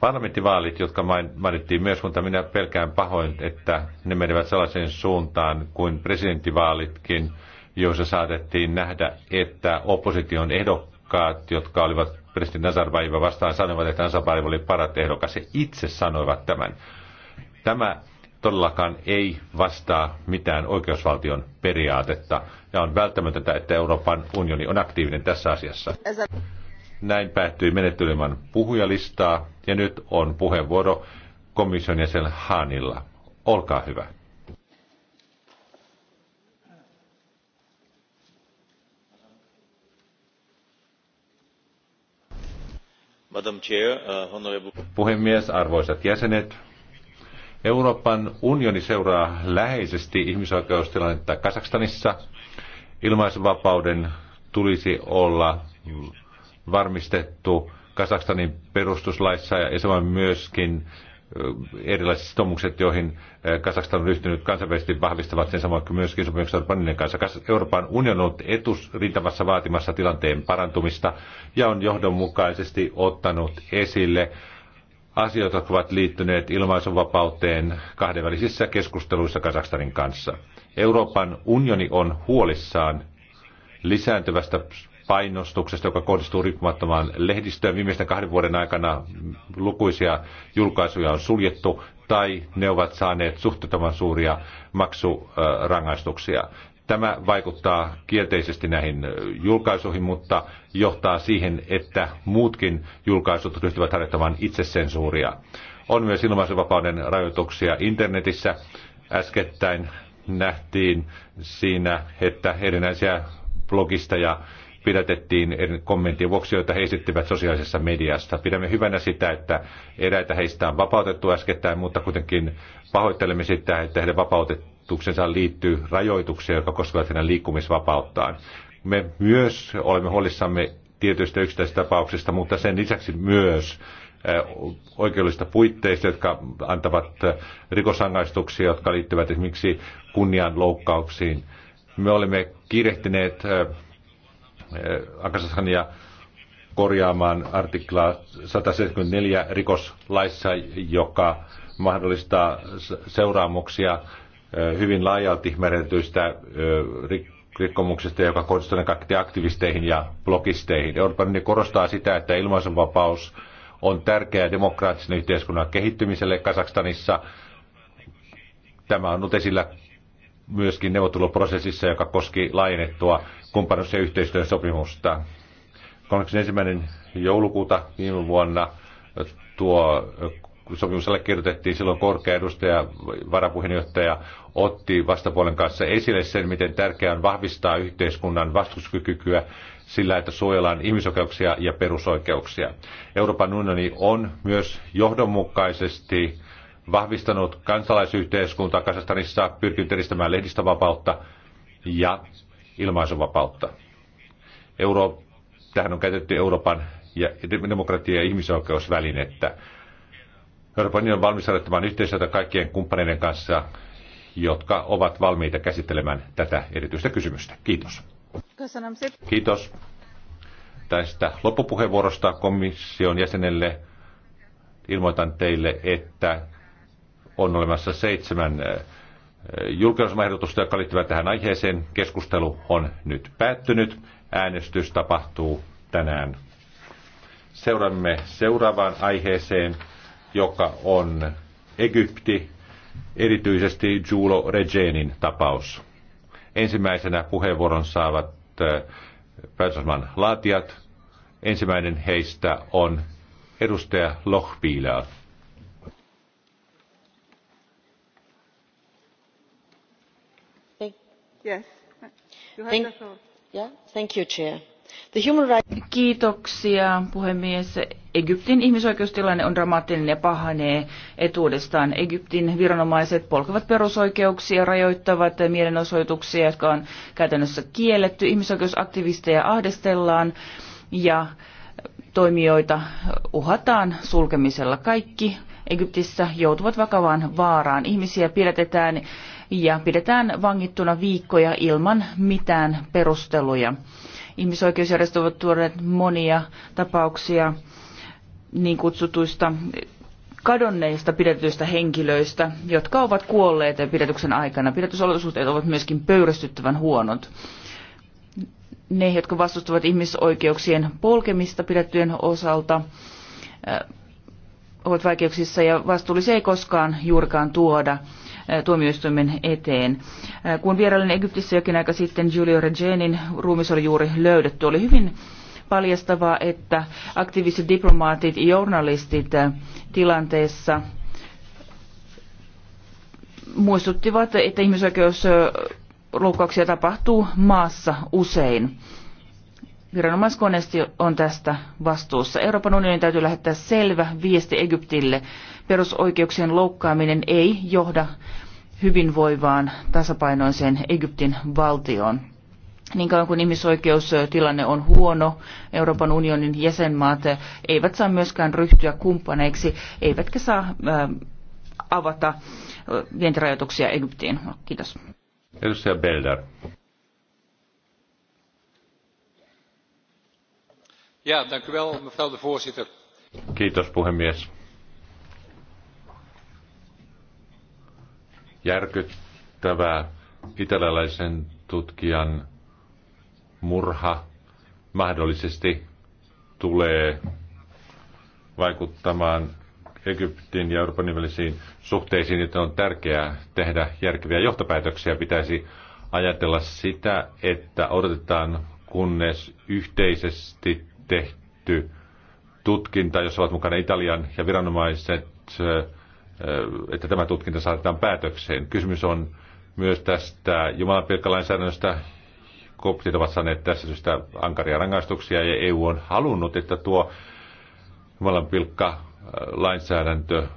Parlamenttivaalit, jotka mainittiin myös, mutta minä pelkään pahoin, että ne menevät sellaiseen suuntaan kuin presidenttivaalitkin, joissa saatettiin nähdä, että opposition ehdokkaat, jotka olivat presidentti Nazarbayeva vastaan, sanoivat, että Nazarbayeva oli parat ehdokas. He itse sanoivat tämän. Tämä todellakaan ei vastaa mitään oikeusvaltion periaatetta ja on välttämätöntä, että Euroopan unioni on aktiivinen tässä asiassa. Näin päättyi menettelymän puhujalistaa ja nyt on puheenvuoro komission jäsen Hanilla. Olkaa hyvä. Uh, Puhemies, arvoisat jäsenet, Euroopan unioni seuraa läheisesti ihmisoikeustilannetta Kasakstanissa. Ilmaisuvapauden tulisi olla varmistettu Kasakstanin perustuslaissa ja samoin myöskin erilaiset sitoumukset, joihin Kazakstan on ryhtynyt kansainvälisesti vahvistavat sen samoin kuin myöskin sopimukset Euroopan kanssa. Euroopan unioni on ollut etusrintamassa vaatimassa tilanteen parantumista ja on johdonmukaisesti ottanut esille asioita, jotka ovat liittyneet ilmaisuvapauteen kahdenvälisissä keskusteluissa Kazakstanin kanssa. Euroopan unioni on huolissaan lisääntyvästä painostuksesta, joka kohdistuu riippumattomaan lehdistöön. Viimeisten kahden vuoden aikana lukuisia julkaisuja on suljettu tai ne ovat saaneet suhteettoman suuria maksurangaistuksia. Tämä vaikuttaa kielteisesti näihin julkaisuihin, mutta johtaa siihen, että muutkin julkaisut ryhtyvät harjoittamaan itsesensuuria. On myös ilmaisuvapauden rajoituksia internetissä. Äskettäin nähtiin siinä, että erinäisiä blogista ja pidätettiin kommenttien vuoksi, joita he esittivät sosiaalisessa mediassa. Pidämme hyvänä sitä, että eräitä heistä on vapautettu äskettäin, mutta kuitenkin pahoittelemme sitä, että heidän vapautetuksensa liittyy rajoituksia, jotka koskevat heidän liikkumisvapauttaan. Me myös olemme huolissamme tietyistä yksittäisistä tapauksista, mutta sen lisäksi myös eh, oikeudellisista puitteista, jotka antavat eh, rikosangaistuksia, jotka liittyvät esimerkiksi kunnianloukkauksiin. Me olemme kiirehtineet eh, Akasasania korjaamaan artiklaa 174 rikoslaissa, joka mahdollistaa seuraamuksia hyvin laajalti merentyistä rikkomuksista, joka kohdistuu kaikki aktivisteihin ja blogisteihin. Euroopan unioni korostaa sitä, että ilmaisunvapaus on tärkeä demokraattisen yhteiskunnan kehittymiselle Kasakstanissa. Tämä on ollut esillä myöskin neuvotteluprosessissa, joka koski laajennettua kumppanuus- ja yhteistyösopimusta. 31. joulukuuta viime vuonna tuo sopimus allekirjoitettiin silloin korkea edustaja, varapuheenjohtaja otti vastapuolen kanssa esille sen, miten tärkeää on vahvistaa yhteiskunnan vastuskykyä sillä, että suojellaan ihmisoikeuksia ja perusoikeuksia. Euroopan unioni on myös johdonmukaisesti vahvistanut kansalaisyhteiskuntaa Kasastanissa, pyrkinyt edistämään lehdistövapautta ja ilmaisuvapautta. Euro, tähän on käytetty Euroopan ja demokratia- ja ihmisoikeusvälinettä. Euroopan unioni on valmis harjoittamaan yhteistyötä kaikkien kumppaneiden kanssa, jotka ovat valmiita käsittelemään tätä erityistä kysymystä. Kiitos. Kiitos tästä loppupuheenvuorosta komission jäsenelle. Ilmoitan teille, että on olemassa seitsemän julkaisumahdotusta, joka liittyvät tähän aiheeseen. Keskustelu on nyt päättynyt. Äänestys tapahtuu tänään. Seuraamme seuraavaan aiheeseen, joka on Egypti, erityisesti Julo Regenin tapaus. Ensimmäisenä puheenvuoron saavat eh, päätösman laatijat. Ensimmäinen heistä on edustaja Lochbieler. Kiitoksia puhemies. Egyptin ihmisoikeustilanne on dramaattinen ja pahenee etuudestaan. Egyptin viranomaiset polkevat perusoikeuksia, rajoittavat mielenosoituksia, jotka on käytännössä kielletty. Ihmisoikeusaktivisteja ahdistellaan ja toimijoita uhataan sulkemisella. Kaikki Egyptissä joutuvat vakavaan vaaraan. Ihmisiä pidätetään ja pidetään vangittuna viikkoja ilman mitään perusteluja. Ihmisoikeusjärjestöt ovat tuoneet monia tapauksia niin kutsutuista kadonneista pidetyistä henkilöistä, jotka ovat kuolleet pidetyksen aikana. Pidetysolosuhteet ovat myöskin pöyristyttävän huonot. Ne, jotka vastustavat ihmisoikeuksien polkemista pidettyjen osalta, äh, ovat vaikeuksissa ja vastuullisia ei koskaan juurikaan tuoda Äh, tuomioistuimen eteen. Äh, kun vierailin Egyptissä jokin aika sitten, Giulio Regenin ruumis oli juuri löydetty. Oli hyvin paljastavaa, että aktiiviset diplomaatit ja journalistit äh, tilanteessa muistuttivat, että ihmisoikeusloukkauksia tapahtuu maassa usein. Viranomaiskoneesti on tästä vastuussa. Euroopan unionin täytyy lähettää selvä viesti Egyptille perusoikeuksien loukkaaminen ei johda hyvinvoivaan tasapainoiseen Egyptin valtioon. Niin kauan kuin ihmisoikeustilanne on huono, Euroopan unionin jäsenmaat eivät saa myöskään ryhtyä kumppaneiksi, eivätkä saa äh, avata äh, vientirajoituksia Egyptiin. Kiitos. Edustaja Belder. Ja, dank u wel, mevrouw de voorzitter. Kiitos puhemies. järkyttävä italialaisen tutkijan murha mahdollisesti tulee vaikuttamaan Egyptin ja Euroopan välisiin suhteisiin, että on tärkeää tehdä järkeviä johtopäätöksiä. Pitäisi ajatella sitä, että odotetaan kunnes yhteisesti tehty tutkinta, jossa ovat mukana Italian ja viranomaiset, että tämä tutkinta saatetaan päätökseen. Kysymys on myös tästä Jumalan pilkkalainsäädännöstä. Koptit ovat saaneet tässä syystä ankaria rangaistuksia ja EU on halunnut, että tuo Jumalan pilkka lainsäädäntö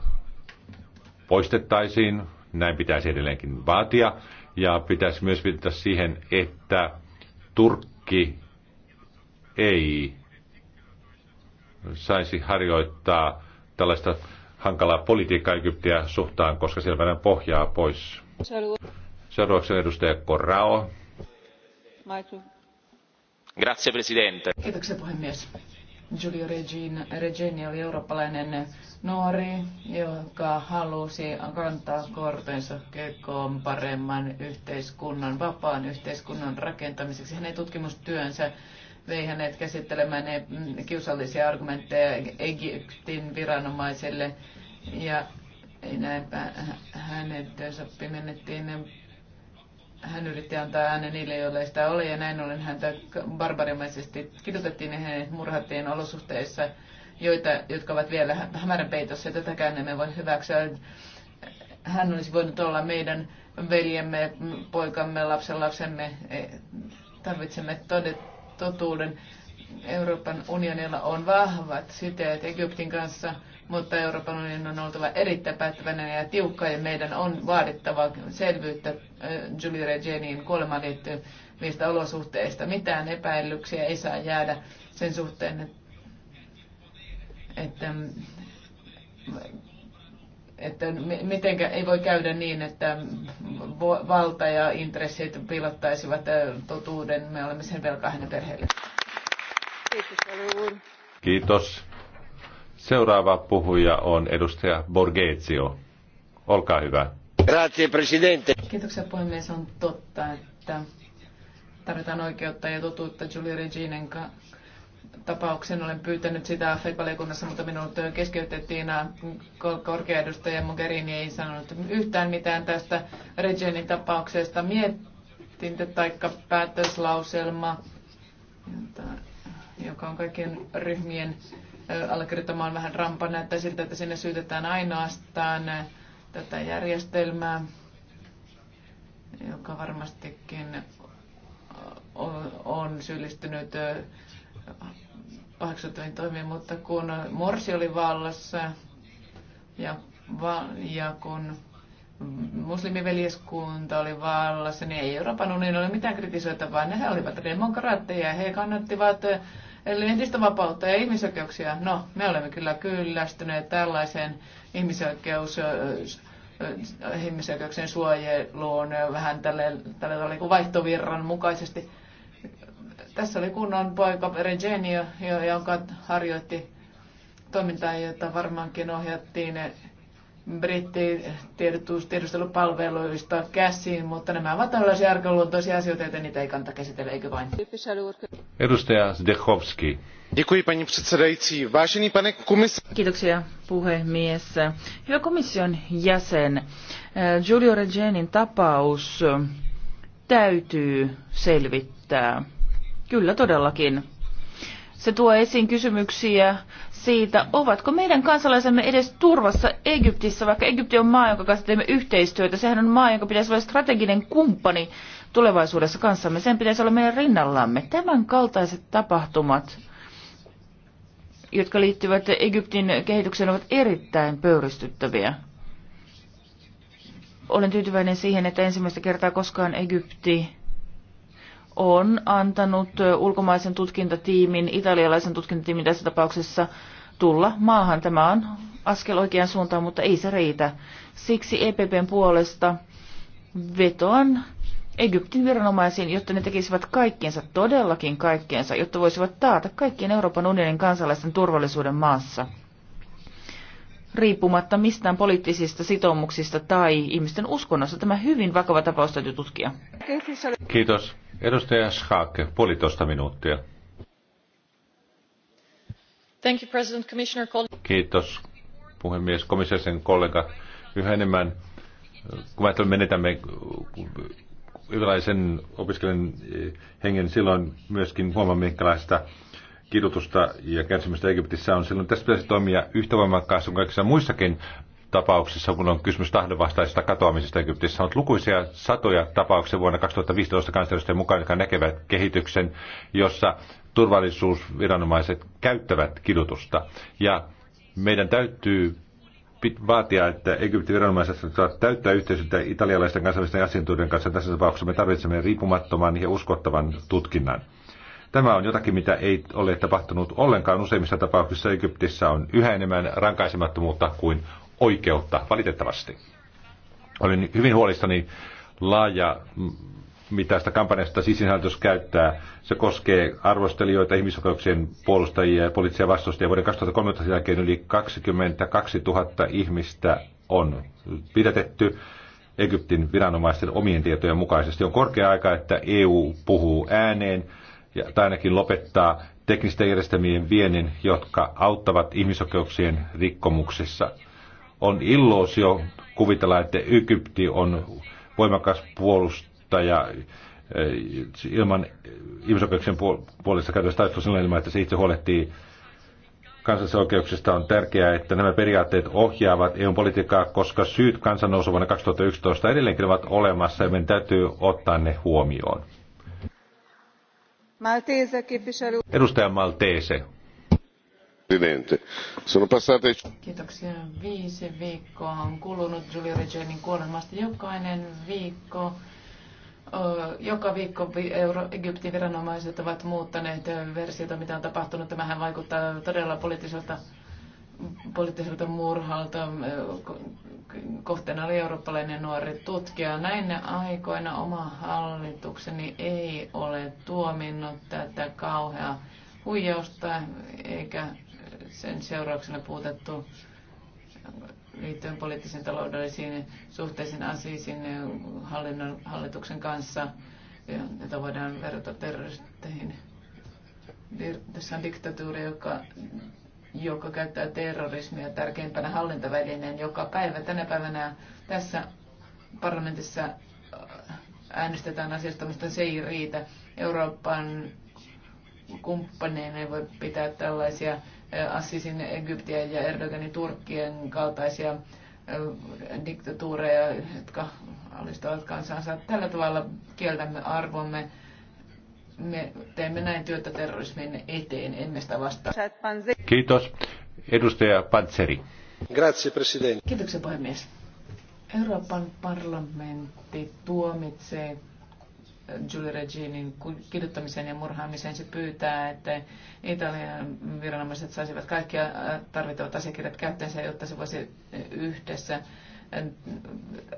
poistettaisiin. Näin pitäisi edelleenkin vaatia. Ja pitäisi myös viitata siihen, että Turkki ei saisi harjoittaa tällaista hankalaa politiikkaa Egyptiä suhtaan, koska siellä vedän pohjaa pois. Seuraavaksi edustaja Corrao. Grazie, presidente. Kiitoksia puhemies. Giulio Regin, Regeni oli eurooppalainen nuori, joka halusi kantaa kortensa kekoon paremman yhteiskunnan, vapaan yhteiskunnan rakentamiseksi. Hänen tutkimustyönsä vei hänet käsittelemään ne mm, kiusallisia argumentteja Egyptin viranomaisille. Ja näinpä hänen työnsoppi menettiin. Hän yritti antaa äänen niille, joille sitä oli, ja näin ollen häntä barbarimaisesti kidutettiin ja hänet murhattiin olosuhteissa, joita, jotka ovat vielä hämärän peitossa, ja tätäkään emme voi hyväksyä. Hän olisi voinut olla meidän veljemme, poikamme, lapsen lapsemme. E, tarvitsemme todet, totuuden. Euroopan unionilla on vahvat siteet Egyptin kanssa, mutta Euroopan unionin on oltava erittäin päättäväinen ja tiukka ja meidän on vaadittava selvyyttä Julie Regenin kuolemaan niistä olosuhteista. Mitään epäilyksiä ei saa jäädä sen suhteen, että että mitenkä ei voi käydä niin, että valta ja intressit piilottaisivat totuuden. Me olemme sen velkaa hänen perheelle. Kiitos. Seuraava puhuja on edustaja Borgezio. Olkaa hyvä. Grazie, presidente. Kiitoksia puhemies. On totta, että tarvitaan oikeutta ja totuutta Julie Reginen tapauksen. Olen pyytänyt sitä FED-valiokunnassa, mutta minut keskeytettiin korkea edustaja Mogherini ei sanonut yhtään mitään tästä Regenin tapauksesta. Mietintö tai päätöslauselma, joka on kaikkien ryhmien allekirjoittamaan vähän rampa, näyttää siltä, että sinne syytetään ainoastaan tätä järjestelmää, joka varmastikin on syyllistynyt paheksuttaviin toimi, mutta kun Morsi oli vallassa ja, va, ja kun muslimiveljeskunta oli vallassa, niin ei Euroopan unioni ole mitään kritisoitavaa. Ne olivat demokraatteja, he kannattivat entistä eh, vapautta ja ihmisoikeuksia. No, me olemme kyllä kyllästyneet tällaiseen ihmisoikeus, eh, eh, ihmisoikeuksien suojeluun vähän tälle, tälle tälle vaihtovirran mukaisesti. Tässä oli kunnon poika Regeni, joka harjoitti toimintaa, jota varmaankin ohjattiin brittitiedustelupalveluista käsiin, mutta nämä ovat tällaisia arkaluontoisia asioita, joten niitä ei kannata käsitellä, eikö vain? Edustaja Zdechowski. Kiitoksia puhemies. Hyvä komission jäsen, eh, Giulio Regenin tapaus täytyy selvittää. Kyllä todellakin. Se tuo esiin kysymyksiä siitä, ovatko meidän kansalaisemme edes turvassa Egyptissä, vaikka Egypti on maa, jonka kanssa teemme yhteistyötä. Sehän on maa, jonka pitäisi olla strateginen kumppani tulevaisuudessa kanssamme. Sen pitäisi olla meidän rinnallamme. Tämän kaltaiset tapahtumat, jotka liittyvät Egyptin kehitykseen, ovat erittäin pöyristyttäviä. Olen tyytyväinen siihen, että ensimmäistä kertaa koskaan Egypti on antanut ulkomaisen tutkintatiimin, italialaisen tutkintatiimin tässä tapauksessa tulla maahan. Tämä on askel oikeaan suuntaan, mutta ei se riitä. Siksi EPPn puolesta vetoan Egyptin viranomaisiin, jotta ne tekisivät kaikkiensa, todellakin kaikkiensa, jotta voisivat taata kaikkien Euroopan unionin kansalaisten turvallisuuden maassa riippumatta mistään poliittisista sitoumuksista tai ihmisten uskonnosta. Tämä hyvin vakava tapaus täytyy tutkia. Kiitos. Edustaja Schaake, puolitoista minuuttia. Thank you, President, Commissioner. Kiitos, puhemies, komissaarisen kollega. Yhä enemmän, kun ajattelen, menetämme yhdenlaisen opiskelijan hengen, niin silloin myöskin huomaamme, minkälaista kidutusta ja kärsimystä Egyptissä on, silloin tässä pitäisi toimia yhtä voimakkaasti kuin kaikissa muissakin tapauksissa, kun on kysymys tahdonvastaisesta katoamisesta Egyptissä. On lukuisia satoja tapauksia vuonna 2015 kansallisten mukaan, jotka näkevät kehityksen, jossa turvallisuusviranomaiset käyttävät kidutusta. Ja meidän täytyy vaatia, että Egyptin viranomaiset saavat täyttää yhteistyötä italialaisten kansallisten asiantuntijoiden kanssa. Tässä tapauksessa me tarvitsemme riippumattoman ja uskottavan tutkinnan. Tämä on jotakin, mitä ei ole tapahtunut ollenkaan. Useimmissa tapauksissa Egyptissä on yhä enemmän rankaisemattomuutta kuin oikeutta, valitettavasti. Olin hyvin huolissani laaja mittaista kampanjasta sisinhallitus käyttää. Se koskee arvostelijoita, ihmisoikeuksien puolustajia ja poliittisia vastustajia. Vuoden 2013 jälkeen yli 22 000 ihmistä on pidätetty Egyptin viranomaisten omien tietojen mukaisesti. On korkea aika, että EU puhuu ääneen ja, tai ainakin lopettaa teknisten järjestelmien vienin, jotka auttavat ihmisoikeuksien rikkomuksissa. On illuusio kuvitella, että Egypti on voimakas puolustaja eh, ilman ihmisoikeuksien puolesta käytössä taistelussa ilman, että se itse huolehtii kansallisoikeuksista on tärkeää, että nämä periaatteet ohjaavat EUn politiikkaa, koska syyt kansannousu vuonna 2011 edelleenkin ovat olemassa ja meidän täytyy ottaa ne huomioon. Maltese, kipisari... Edustaja Maltese. Kiitoksia. Viisi viikkoa on kulunut Giulio Regenin kuolemasta. Jokainen viikko joka viikko Euro- Egyptin viranomaiset ovat muuttaneet versiota, mitä on tapahtunut. Tämähän vaikuttaa todella poliittiselta poliittiselta murhalta. Kohteena oli eurooppalainen nuori tutkija. Näinä aikoina oma hallitukseni ei ole tuominnut tätä kauheaa huijausta eikä sen seurauksena puutettu liittyen poliittisiin taloudellisiin suhteisiin asiisiin hallinnon, hallituksen kanssa, jota voidaan verrata terroristeihin. Tässä on diktatuuri, joka joka käyttää terrorismia tärkeimpänä hallintavälineen joka päivä. Tänä päivänä tässä parlamentissa äh, äänestetään asiasta, mutta se ei riitä. Euroopan kumppaneina ei voi pitää tällaisia äh, Assisin Egyptiä ja Erdoganin Turkkien kaltaisia äh, diktatuureja, jotka alistavat kansansa. Tällä tavalla kieltämme arvomme me teemme näin työtä terrorismin eteen, emme sitä vastaan. Kiitos. Edustaja Panzeri. Grazie, presidente. Kiitoksia puhemies. Euroopan parlamentti tuomitsee Julie Reginin kiduttamisen ja murhaamisen. Se pyytää, että Italian viranomaiset saisivat kaikkia tarvittavat asiakirjat käyttöönsä, jotta se voisi yhdessä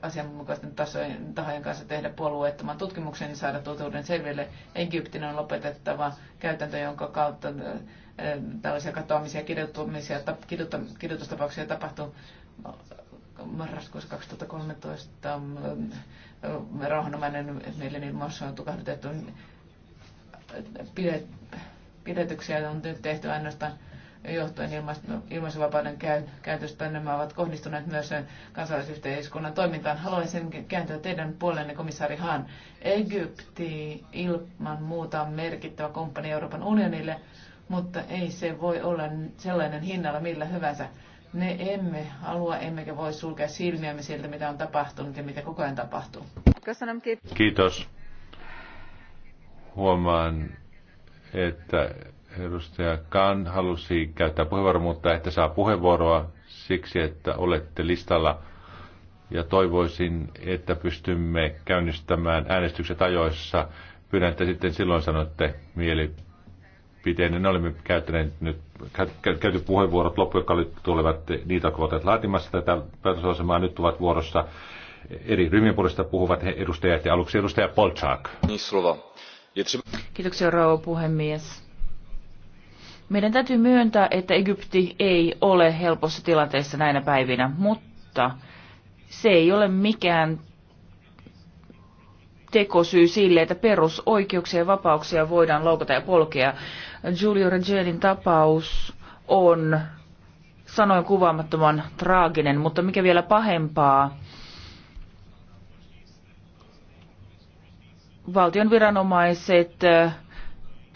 asianmukaisten tasojen, tahojen kanssa tehdä puolueettoman tutkimuksen ja saada totuuden selville. Egyptin on lopetettava käytäntö, jonka kautta tällaisia katoamisia ja kidutustapauksia tapahtuu marraskuussa 2013 rauhanomainen mielenilmaus on tukahdutettu. Pidetyksiä on tehty ainoastaan johtuen ilmaisuvapauden käytöstä. Nämä ovat kohdistuneet myös kansalaisyhteiskunnan toimintaan. Haluaisin kääntyä teidän puolenne, komissaari Hahn. Egypti ilman muuta on merkittävä kumppani Euroopan unionille, mutta ei se voi olla sellainen hinnalla millä hyvänsä. Me emme halua, emmekä voi sulkea silmiämme siltä, mitä on tapahtunut ja mitä koko ajan tapahtuu. Kiitos. Huomaan, että Edustaja Kan halusi käyttää puheenvuoron, mutta että saa puheenvuoroa siksi, että olette listalla. Ja toivoisin, että pystymme käynnistämään äänestykset ajoissa. Pyydän, että sitten silloin sanotte Ne Olemme käyttäneet nyt, käyty puheenvuorot loppu, jotka tulevat niitä, jotka ovat laatimassa tätä päätösasemaa. Nyt ovat vuorossa eri ryhmien puolesta puhuvat edustajat ja aluksi edustaja Polchak. Niin, Kiitoksia rouva puhemies meidän täytyy myöntää, että Egypti ei ole helpossa tilanteessa näinä päivinä, mutta se ei ole mikään tekosyy sille, että perusoikeuksia ja vapauksia voidaan loukata ja polkea. Giulio Regenin tapaus on sanoin kuvaamattoman traaginen, mutta mikä vielä pahempaa, valtion viranomaiset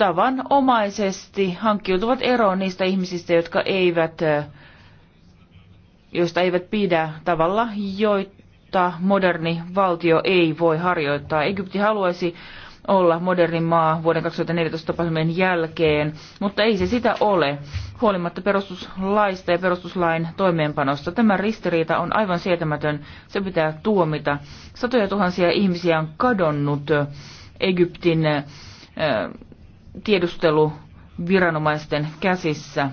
tavanomaisesti hankkiutuvat eroon niistä ihmisistä, jotka eivät, joista eivät pidä tavalla, joita moderni valtio ei voi harjoittaa. Egypti haluaisi olla moderni maa vuoden 2014 tapahtumien jälkeen, mutta ei se sitä ole. Huolimatta perustuslaista ja perustuslain toimeenpanosta tämä ristiriita on aivan sietämätön, se pitää tuomita. Satoja tuhansia ihmisiä on kadonnut Egyptin tiedusteluviranomaisten käsissä.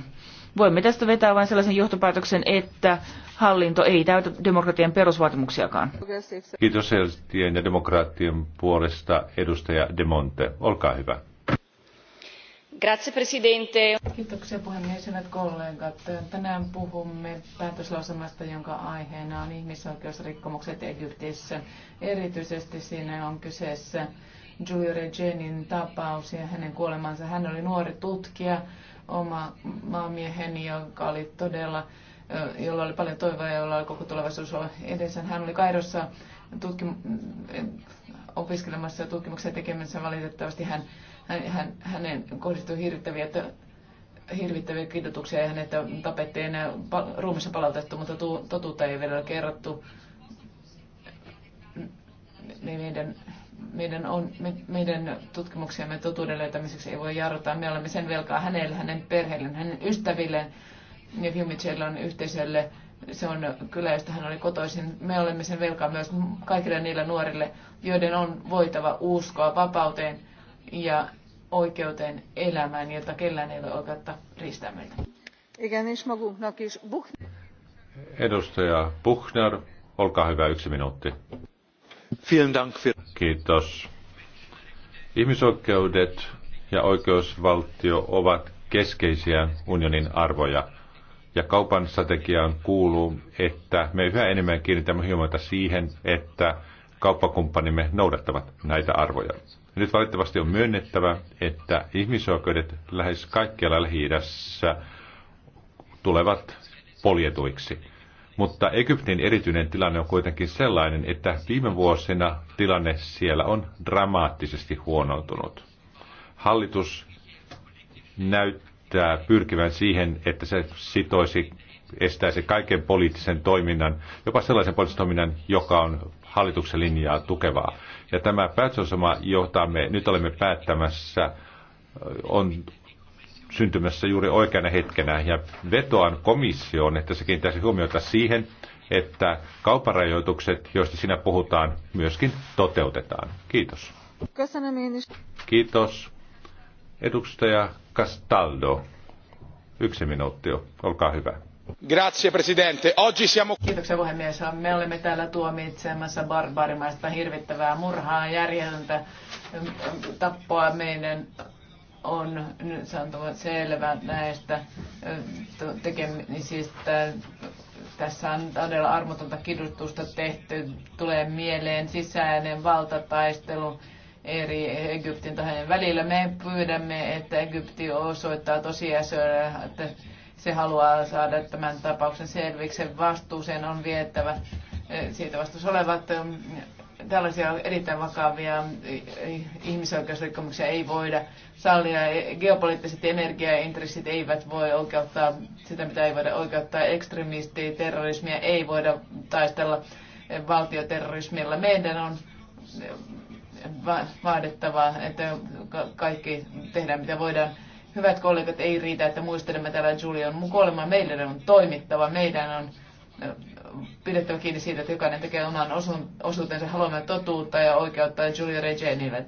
Voimme tästä vetää vain sellaisen johtopäätöksen, että hallinto ei täytä demokratian perusvaatimuksiakaan. Kiitos sosialistien ja demokraattien puolesta edustaja De Monte. Olkaa hyvä. Grazie Presidente. Kiitoksia puhemies, ja kollegat. Tänään puhumme päätöslausemasta, jonka aiheena on ihmisoikeusrikkomukset Egyptissä. Erityisesti siinä on kyseessä Julia Regenin tapaus ja hänen kuolemansa. Hän oli nuori tutkija, oma maamieheni, joka oli todella, jolla oli paljon toivoa ja jolla oli koko tulevaisuus edessä. Hän oli Kairossa tutkim- opiskelemassa ja tutkimuksia tekemässä. Valitettavasti hän, hän, hän, hänen kohdistui hirvittäviä hirvittäviä kidutuksia ja hänet tapettiin enää ruumissa palautettu, mutta totuutta ei vielä kerrottu. Meidän niin meidän, on, me, meidän tutkimuksiamme totuuden löytämiseksi ei voi jarruttaa. Me olemme sen velkaa hänelle, hänen perheelleen, hänen ystävilleen ja Fiumicellon yhteisölle. Se on kyllä, josta hän oli kotoisin. Me olemme sen velkaa myös kaikille niille nuorille, joiden on voitava uskoa vapauteen ja oikeuteen elämään, jota kellään ei ole oikeutta riistää meiltä. Edustaja Buchner, olkaa hyvä, yksi minuutti. Kiitos. Ihmisoikeudet ja oikeusvaltio ovat keskeisiä unionin arvoja. Ja kaupan strategiaan kuuluu, että me yhä enemmän kiinnitämme huomiota siihen, että kauppakumppanimme noudattavat näitä arvoja. Nyt valitettavasti on myönnettävä, että ihmisoikeudet lähes kaikkialla lähi tulevat poljetuiksi. Mutta Egyptin erityinen tilanne on kuitenkin sellainen, että viime vuosina tilanne siellä on dramaattisesti huonontunut. Hallitus näyttää pyrkivän siihen, että se sitoisi, estäisi kaiken poliittisen toiminnan, jopa sellaisen poliittisen toiminnan, joka on hallituksen linjaa tukevaa. Ja tämä päätösosama, jota me nyt olemme päättämässä, on syntymässä juuri oikeana hetkenä. Ja vetoan komissioon, että se kiinnittäisi huomiota siihen, että kauparajoitukset, joista sinä puhutaan, myöskin toteutetaan. Kiitos. Kiitos. Edustaja Castaldo. Yksi minuutti, olkaa hyvä. Grazie presidente. Oggi siamo... Kiitoksia puhemies. Me olemme täällä tuomitsemassa barbarimaista hirvittävää murhaa, järjetöntä tappoa meidän on nyt sanottava selvä näistä tekemisistä. Tässä on todella armotonta kidutusta tehty. Tulee mieleen sisäinen valtataistelu eri Egyptin tahojen välillä. Me pyydämme, että Egypti osoittaa tosiasioilla, että se haluaa saada tämän tapauksen selviksi. Vastuuseen on viettävä siitä vastuussa olevat tällaisia erittäin vakavia eh, eh, ihmisoikeusrikkomuksia ei voida sallia. E, geopoliittiset energiaintressit eivät voi oikeuttaa sitä, mitä ei voida oikeuttaa. Ekstremisti, terrorismia ei voida taistella eh, valtioterrorismilla. Meidän on vaadittava, että kaikki tehdään mitä voidaan. Hyvät kollegat, ei riitä, että muistelemme täällä Julian kuolemaa. Meidän on toimittava, meidän on pidettävä kiinni siitä, että jokainen tekee oman osuutensa. Haluamme totuutta ja oikeutta ja Julia Regenille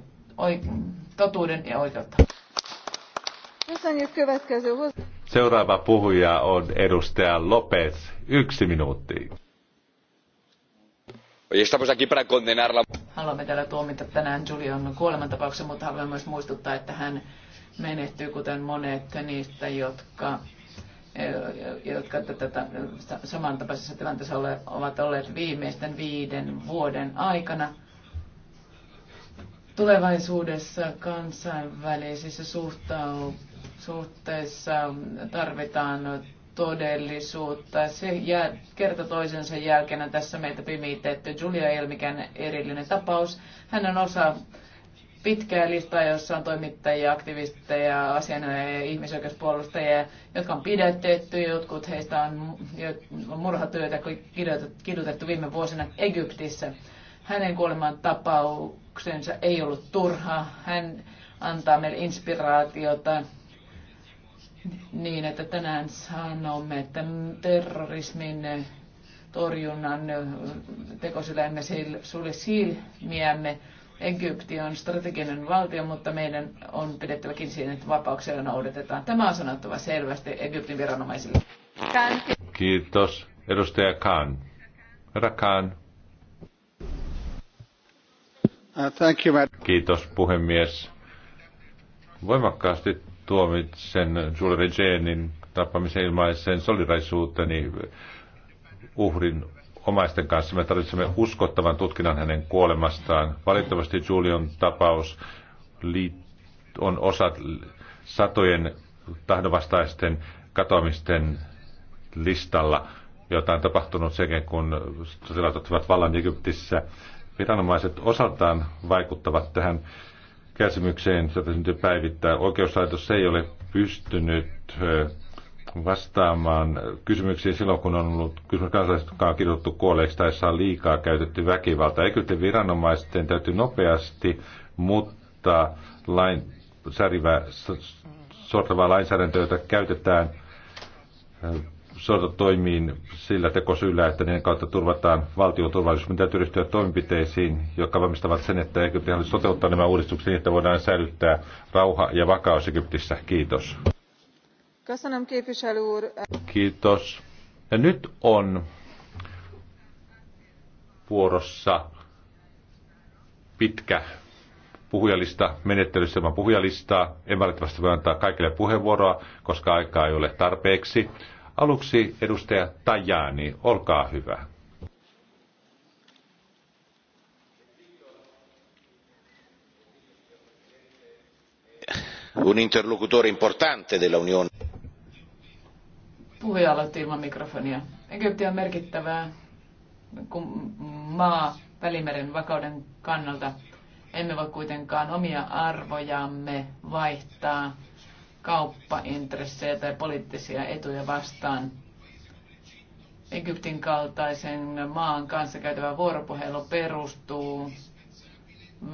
totuuden ja oikeutta. Seuraava puhuja on edustaja Lopez. Yksi minuutti. Haluamme täällä tuomita tänään Julian kuolemantapauksen, mutta haluamme myös muistuttaa, että hän menehtyy, kuten monet niistä, jotka jotka tätä samantapaisessa tilanteessa ole, ovat olleet viimeisten viiden vuoden aikana. Tulevaisuudessa kansainvälisissä suhtau, suhteissa tarvitaan todellisuutta. Se jää, kerta toisensa jälkeen tässä meitä pimitetty. Julia ei ole mikään erillinen tapaus. Hän on osa pitkää listaa, jossa on toimittajia, aktivisteja, asianajajia ja ihmisoikeuspuolustajia, jotka on pidätetty. Jotkut heistä on murhatyötä kidutettu viime vuosina Egyptissä. Hänen kuoleman tapauksensa ei ollut turha. Hän antaa meille inspiraatiota niin, että tänään sanomme, että terrorismin torjunnan tekosillä emme silmiämme Egypti on strateginen valtio, mutta meidän on pidettäväkin siinä, että vapauksia noudatetaan. Tämä on sanottava selvästi Egyptin viranomaisille. Kiitos. Edustaja Khan. Herra Khan. Uh, Kiitos puhemies. Voimakkaasti tuomitsen Julie Regenin tappamisen ilmaisen solidaisuuteni uhrin omaisten kanssa. Me tarvitsemme uskottavan tutkinnan hänen kuolemastaan. Valitettavasti Julian tapaus on osa satojen tahdonvastaisten katoamisten listalla, jota on tapahtunut sekä kun sotilaat ottivat vallan Egyptissä. Viranomaiset osaltaan vaikuttavat tähän kärsimykseen, jota syntyy päivittää. Oikeuslaitos ei ole pystynyt vastaamaan kysymyksiin silloin, kun on ollut kysymys kansalaiset, jotka on kirjoitettu kuolleeksi tai saa liikaa käytetty väkivaltaa. Egyptin viranomaisten täytyy nopeasti mutta lain, särivä, sortavaa lainsäädäntöä, jota käytetään äh, sortotoimiin sillä tekosyllä, että niiden kautta turvataan valtion turvallisuus. Meidän täytyy ryhtyä toimenpiteisiin, jotka varmistavat sen, että Egypti haluaisi toteuttaa nämä uudistukset niin, että voidaan säilyttää rauha ja vakaus Egyptissä. Kiitos. Kiitos. Ja nyt on vuorossa pitkä puhujalista, menettelyssä ilman puhujalistaa. En valitettavasti voi antaa kaikille puheenvuoroa, koska aikaa ei ole tarpeeksi. Aluksi edustaja Tajani, olkaa hyvä. un interlocutore importante dell'Unione. Puhuja aloitti ilman mikrofonia. Egypti on merkittävä maa Välimeren vakauden kannalta. Emme voi kuitenkaan omia arvojamme vaihtaa kauppaintressejä tai poliittisia etuja vastaan. Egyptin kaltaisen maan kanssa käytävä vuoropuhelu perustuu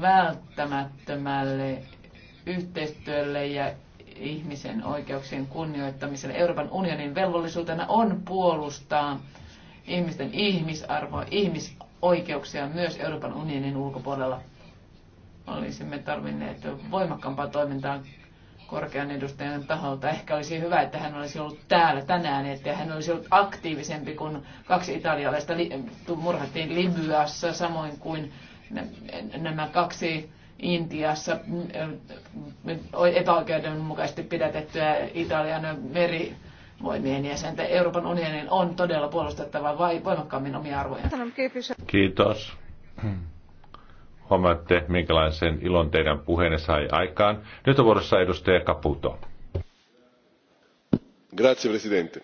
välttämättömälle yhteistyölle ja ihmisen oikeuksien kunnioittamiselle. Euroopan unionin velvollisuutena on puolustaa ihmisten ihmisarvoa, ihmisoikeuksia myös Euroopan unionin ulkopuolella. Olisimme tarvinneet voimakkaampaa toimintaa korkean edustajan taholta. Ehkä olisi hyvä, että hän olisi ollut täällä tänään, että hän olisi ollut aktiivisempi, kun kaksi italialaista murhattiin Libyassa, samoin kuin nämä kaksi Intiassa mm, epäoikeudenmukaisesti pidätettyä Italian meri voimien jäsentä. Euroopan unionin on todella puolustettava vai voimakkaammin omia arvoja. Kiitos. Huomaatte, minkälaisen ilon teidän puheenne sai aikaan. Nyt on vuorossa edustaja Caputo. Grazie, Presidente.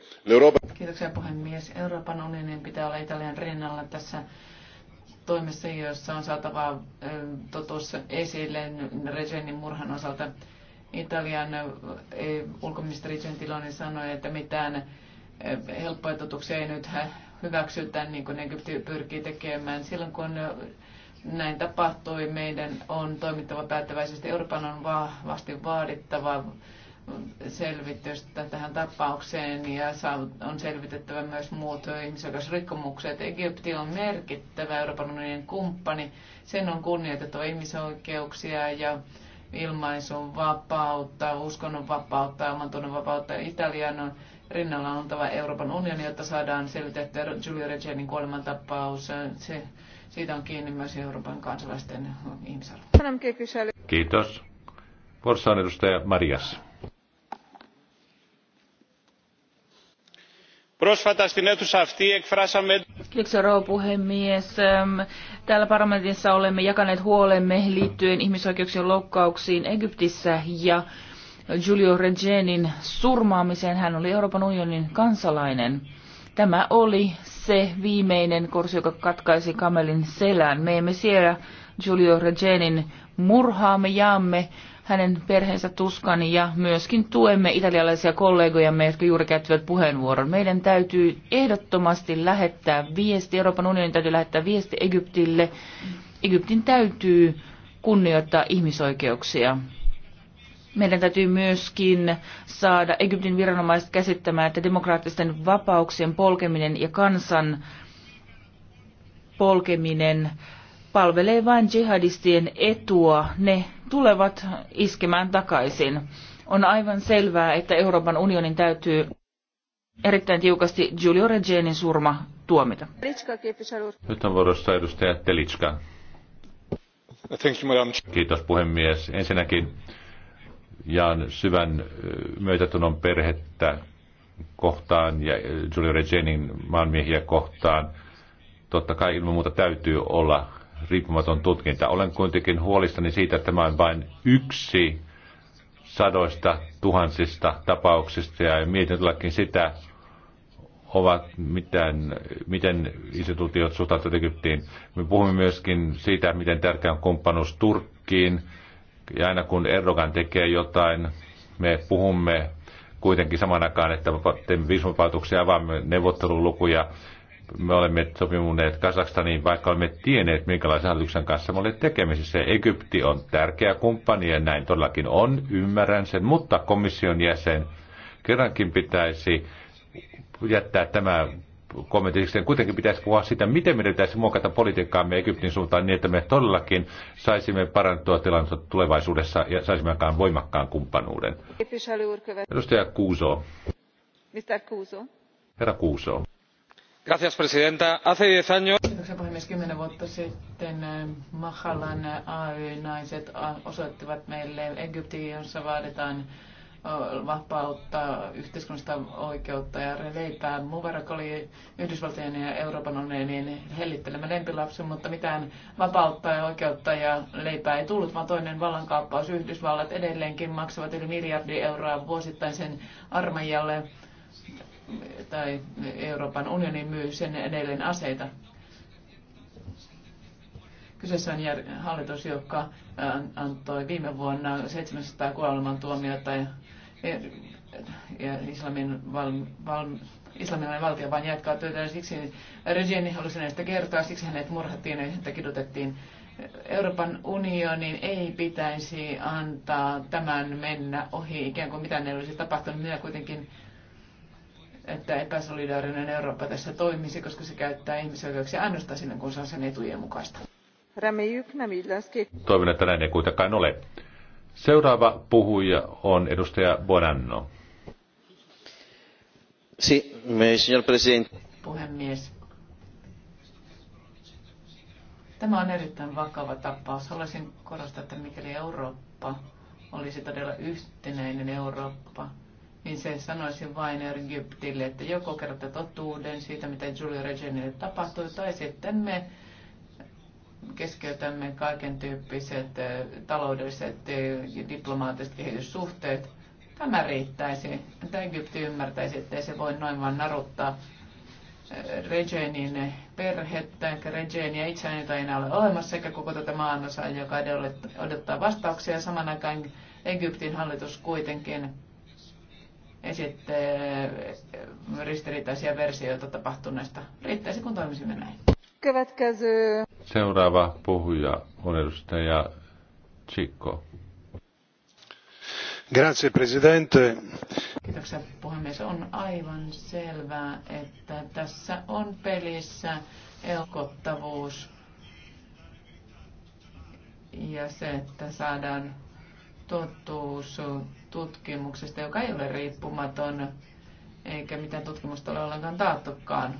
Kiitoksia puhemies. Euroopan unionin pitää olla Italian rinnalla tässä toimessa, jossa on saatava totuus esille Regenin murhan osalta. Italian ulkoministeri Gentiloni sanoi, että mitään helppoja totuuksia ei nyt hyväksytä, niin kuin Egypti pyrkii tekemään. Silloin kun näin tapahtui, meidän on toimittava päättäväisesti. Euroopan on vahvasti vaadittava selvitystä tähän tapaukseen ja on selvitettävä myös muut ihmisoikeusrikkomukset. Egypti on merkittävä Euroopan unionin kumppani. Sen on kunnioitettava ihmisoikeuksia ja ilmaisun vapautta, uskonnon vapautta, omantunnon vapautta. Italian on rinnalla on oltava Euroopan unioni, jotta saadaan selvitettyä Giulio Regenin kuolemantapaus. Se, siitä on kiinni myös Euroopan kansalaisten ihmisarvo. Kiitos. Porsaan edustaja Marias. Πρόσφατα στην αίθουσα αυτή εκφράσαμε... puhemies. Täällä parlamentissa olemme jakaneet huolemme liittyen ihmisoikeuksien loukkauksiin Egyptissä ja Giulio Regenin surmaamiseen. Hän oli Euroopan unionin kansalainen. Tämä oli se viimeinen korsi, joka katkaisi kamelin selän. Me emme siellä Giulio Regenin murhaa, me jaamme hänen perheensä tuskan ja myöskin tuemme italialaisia kollegojamme, jotka juuri käyttivät puheenvuoron. Meidän täytyy ehdottomasti lähettää viesti, Euroopan unionin täytyy lähettää viesti Egyptille. Egyptin täytyy kunnioittaa ihmisoikeuksia. Meidän täytyy myöskin saada Egyptin viranomaiset käsittämään, että demokraattisten vapauksien polkeminen ja kansan polkeminen palvelee vain jihadistien etua. Ne tulevat iskemään takaisin. On aivan selvää, että Euroopan unionin täytyy erittäin tiukasti Giulio Regenin surma tuomita. Nyt on vuorossa edustaja Telitska. Kiitos puhemies. Ensinnäkin jaan syvän myötätunnon perhettä kohtaan ja Giulio Regenin maanmiehiä kohtaan. Totta kai ilman muuta täytyy olla riippumaton tutkinta. Olen kuitenkin huolissani siitä, että tämä on vain yksi sadoista tuhansista tapauksista ja mietin todellakin sitä, ovat, miten, miten instituutiot suhtautuvat Egyptiin. Me puhumme myöskin siitä, miten tärkeä on kumppanuus Turkkiin. Ja aina kun Erdogan tekee jotain, me puhumme kuitenkin saman aikaan, että teemme viisumapautuksia, avaamme neuvottelulukuja me olemme sopimuneet Kazakstaniin, vaikka olemme tienneet, minkälaisen hallituksen kanssa me olemme tekemisissä. Egypti on tärkeä kumppani ja näin todellakin on, ymmärrän sen, mutta komission jäsen kerrankin pitäisi jättää tämä kommentti. Kuitenkin pitäisi puhua sitä, miten meidän pitäisi muokata politiikkaamme Egyptin suuntaan niin, että me todellakin saisimme parantua tilannetta tulevaisuudessa ja saisimme aikaan voimakkaan kumppanuuden. Edustaja Kuuso. Mr. Kuuso. Herra Kuuso. Gracias, presidenta. Hace 10 años... Kiitoksia puhemies. sitten eh, Mahalan eh, AY-naiset eh, meille Egyptiin, jossa vaaditaan vapautta, yhteiskunnallista oikeutta ja leipää. Mubarak oli Yhdysvaltojen ja Euroopan unionin hellittelemä lempilapsi, mutta mitään vapautta ja oikeutta ja leipää ei tullut, vaan toinen vallankaappaus. Yhdysvallat edelleenkin maksavat yli miljardi euroa vuosittain sen armeijalle tai Euroopan unioni myy sen edelleen aseita. Kyseessä on jär- hallitus, joka antoi viime vuonna 700 tuomiota ja, e, ja islamin val, val, islamilainen valtio vain jatkaa työtä. Ja siksi Regeni halusi näistä kertoa, siksi hänet murhattiin ja häntä kidutettiin. Euroopan unionin ei pitäisi antaa tämän mennä ohi, ikään kuin mitään ei olisi tapahtunut. Minä kuitenkin että epäsolidaarinen Eurooppa tässä toimisi, koska se käyttää ihmisoikeuksia ainoastaan sinne, kun se on sen etujen mukaista. Toivon, että näin ei kuitenkaan ole. Seuraava puhuja on edustaja Bonanno. Si, signor Presidente. Puhemies. Tämä on erittäin vakava tapaus. Haluaisin korostaa, että mikäli Eurooppa olisi todella yhtenäinen Eurooppa, niin se sanoisin vain Egyptille, että joko kerta totuuden siitä, mitä Julia Regenille tapahtui, tai sitten me keskeytämme kaiken tyyppiset taloudelliset ja diplomaattiset kehityssuhteet. Tämä riittäisi, että Egypti ymmärtäisi, ettei se voi noin vain naruttaa Regenin perhettä, Regenia itseään, jota ei enää ole olemassa, eikä koko tätä maanosaa, joka odottaa vastauksia. Saman aikaan Egyptin hallitus kuitenkin ja sitten ristiriitaisia versioita tapahtuneesta. Riittäisi, kun toimisimme näin. Seuraava puhuja on edustaja Chico. Grazie, presidente. Kiitoksia puhemies. On aivan selvää, että tässä on pelissä elkottavuus ja se, että saadaan totuustutkimuksesta, joka ei ole riippumaton, eikä mitään tutkimusta ole ollenkaan taattukaan.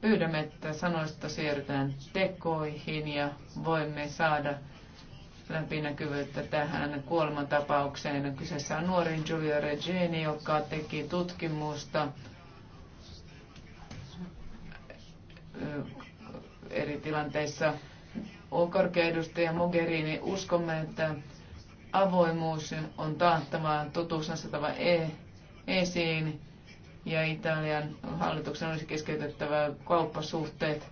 Pyydämme, että sanoista siirrytään tekoihin ja voimme saada läpinäkyvyyttä tähän kuolemantapaukseen. Kyseessä on nuori Giulio Regeni, joka teki tutkimusta eri tilanteissa. Korkea edustaja Mogherini, uskomme, että avoimuus on taattava, totuus nostettava e, esiin ja Italian hallituksen olisi keskeytettävä kauppasuhteet,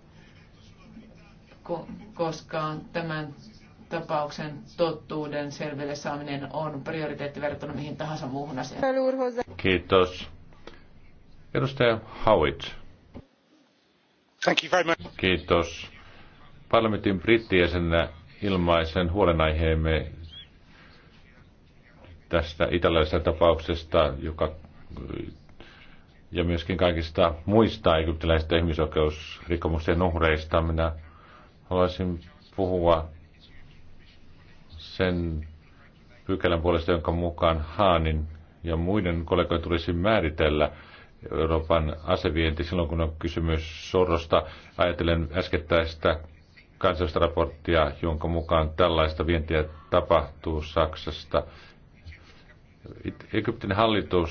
koska tämän tapauksen totuuden selville saaminen on prioriteetti verrattuna mihin tahansa muuhun asiaan. Kiitos. Edustaja Howitz. Thank you very much. Kiitos. Parlamentin brittijäsenä ilmaisen huolenaiheemme tästä italialaisesta tapauksesta, joka ja myöskin kaikista muista egyptiläisistä ihmisoikeusrikkomusten uhreista. Minä haluaisin puhua sen pykälän puolesta, jonka mukaan Haanin ja muiden kollegojen tulisi määritellä Euroopan asevienti silloin, kun on kysymys sorrosta Ajatellen äskettäistä kansallista raporttia, jonka mukaan tällaista vientiä tapahtuu Saksasta Egyptin hallitus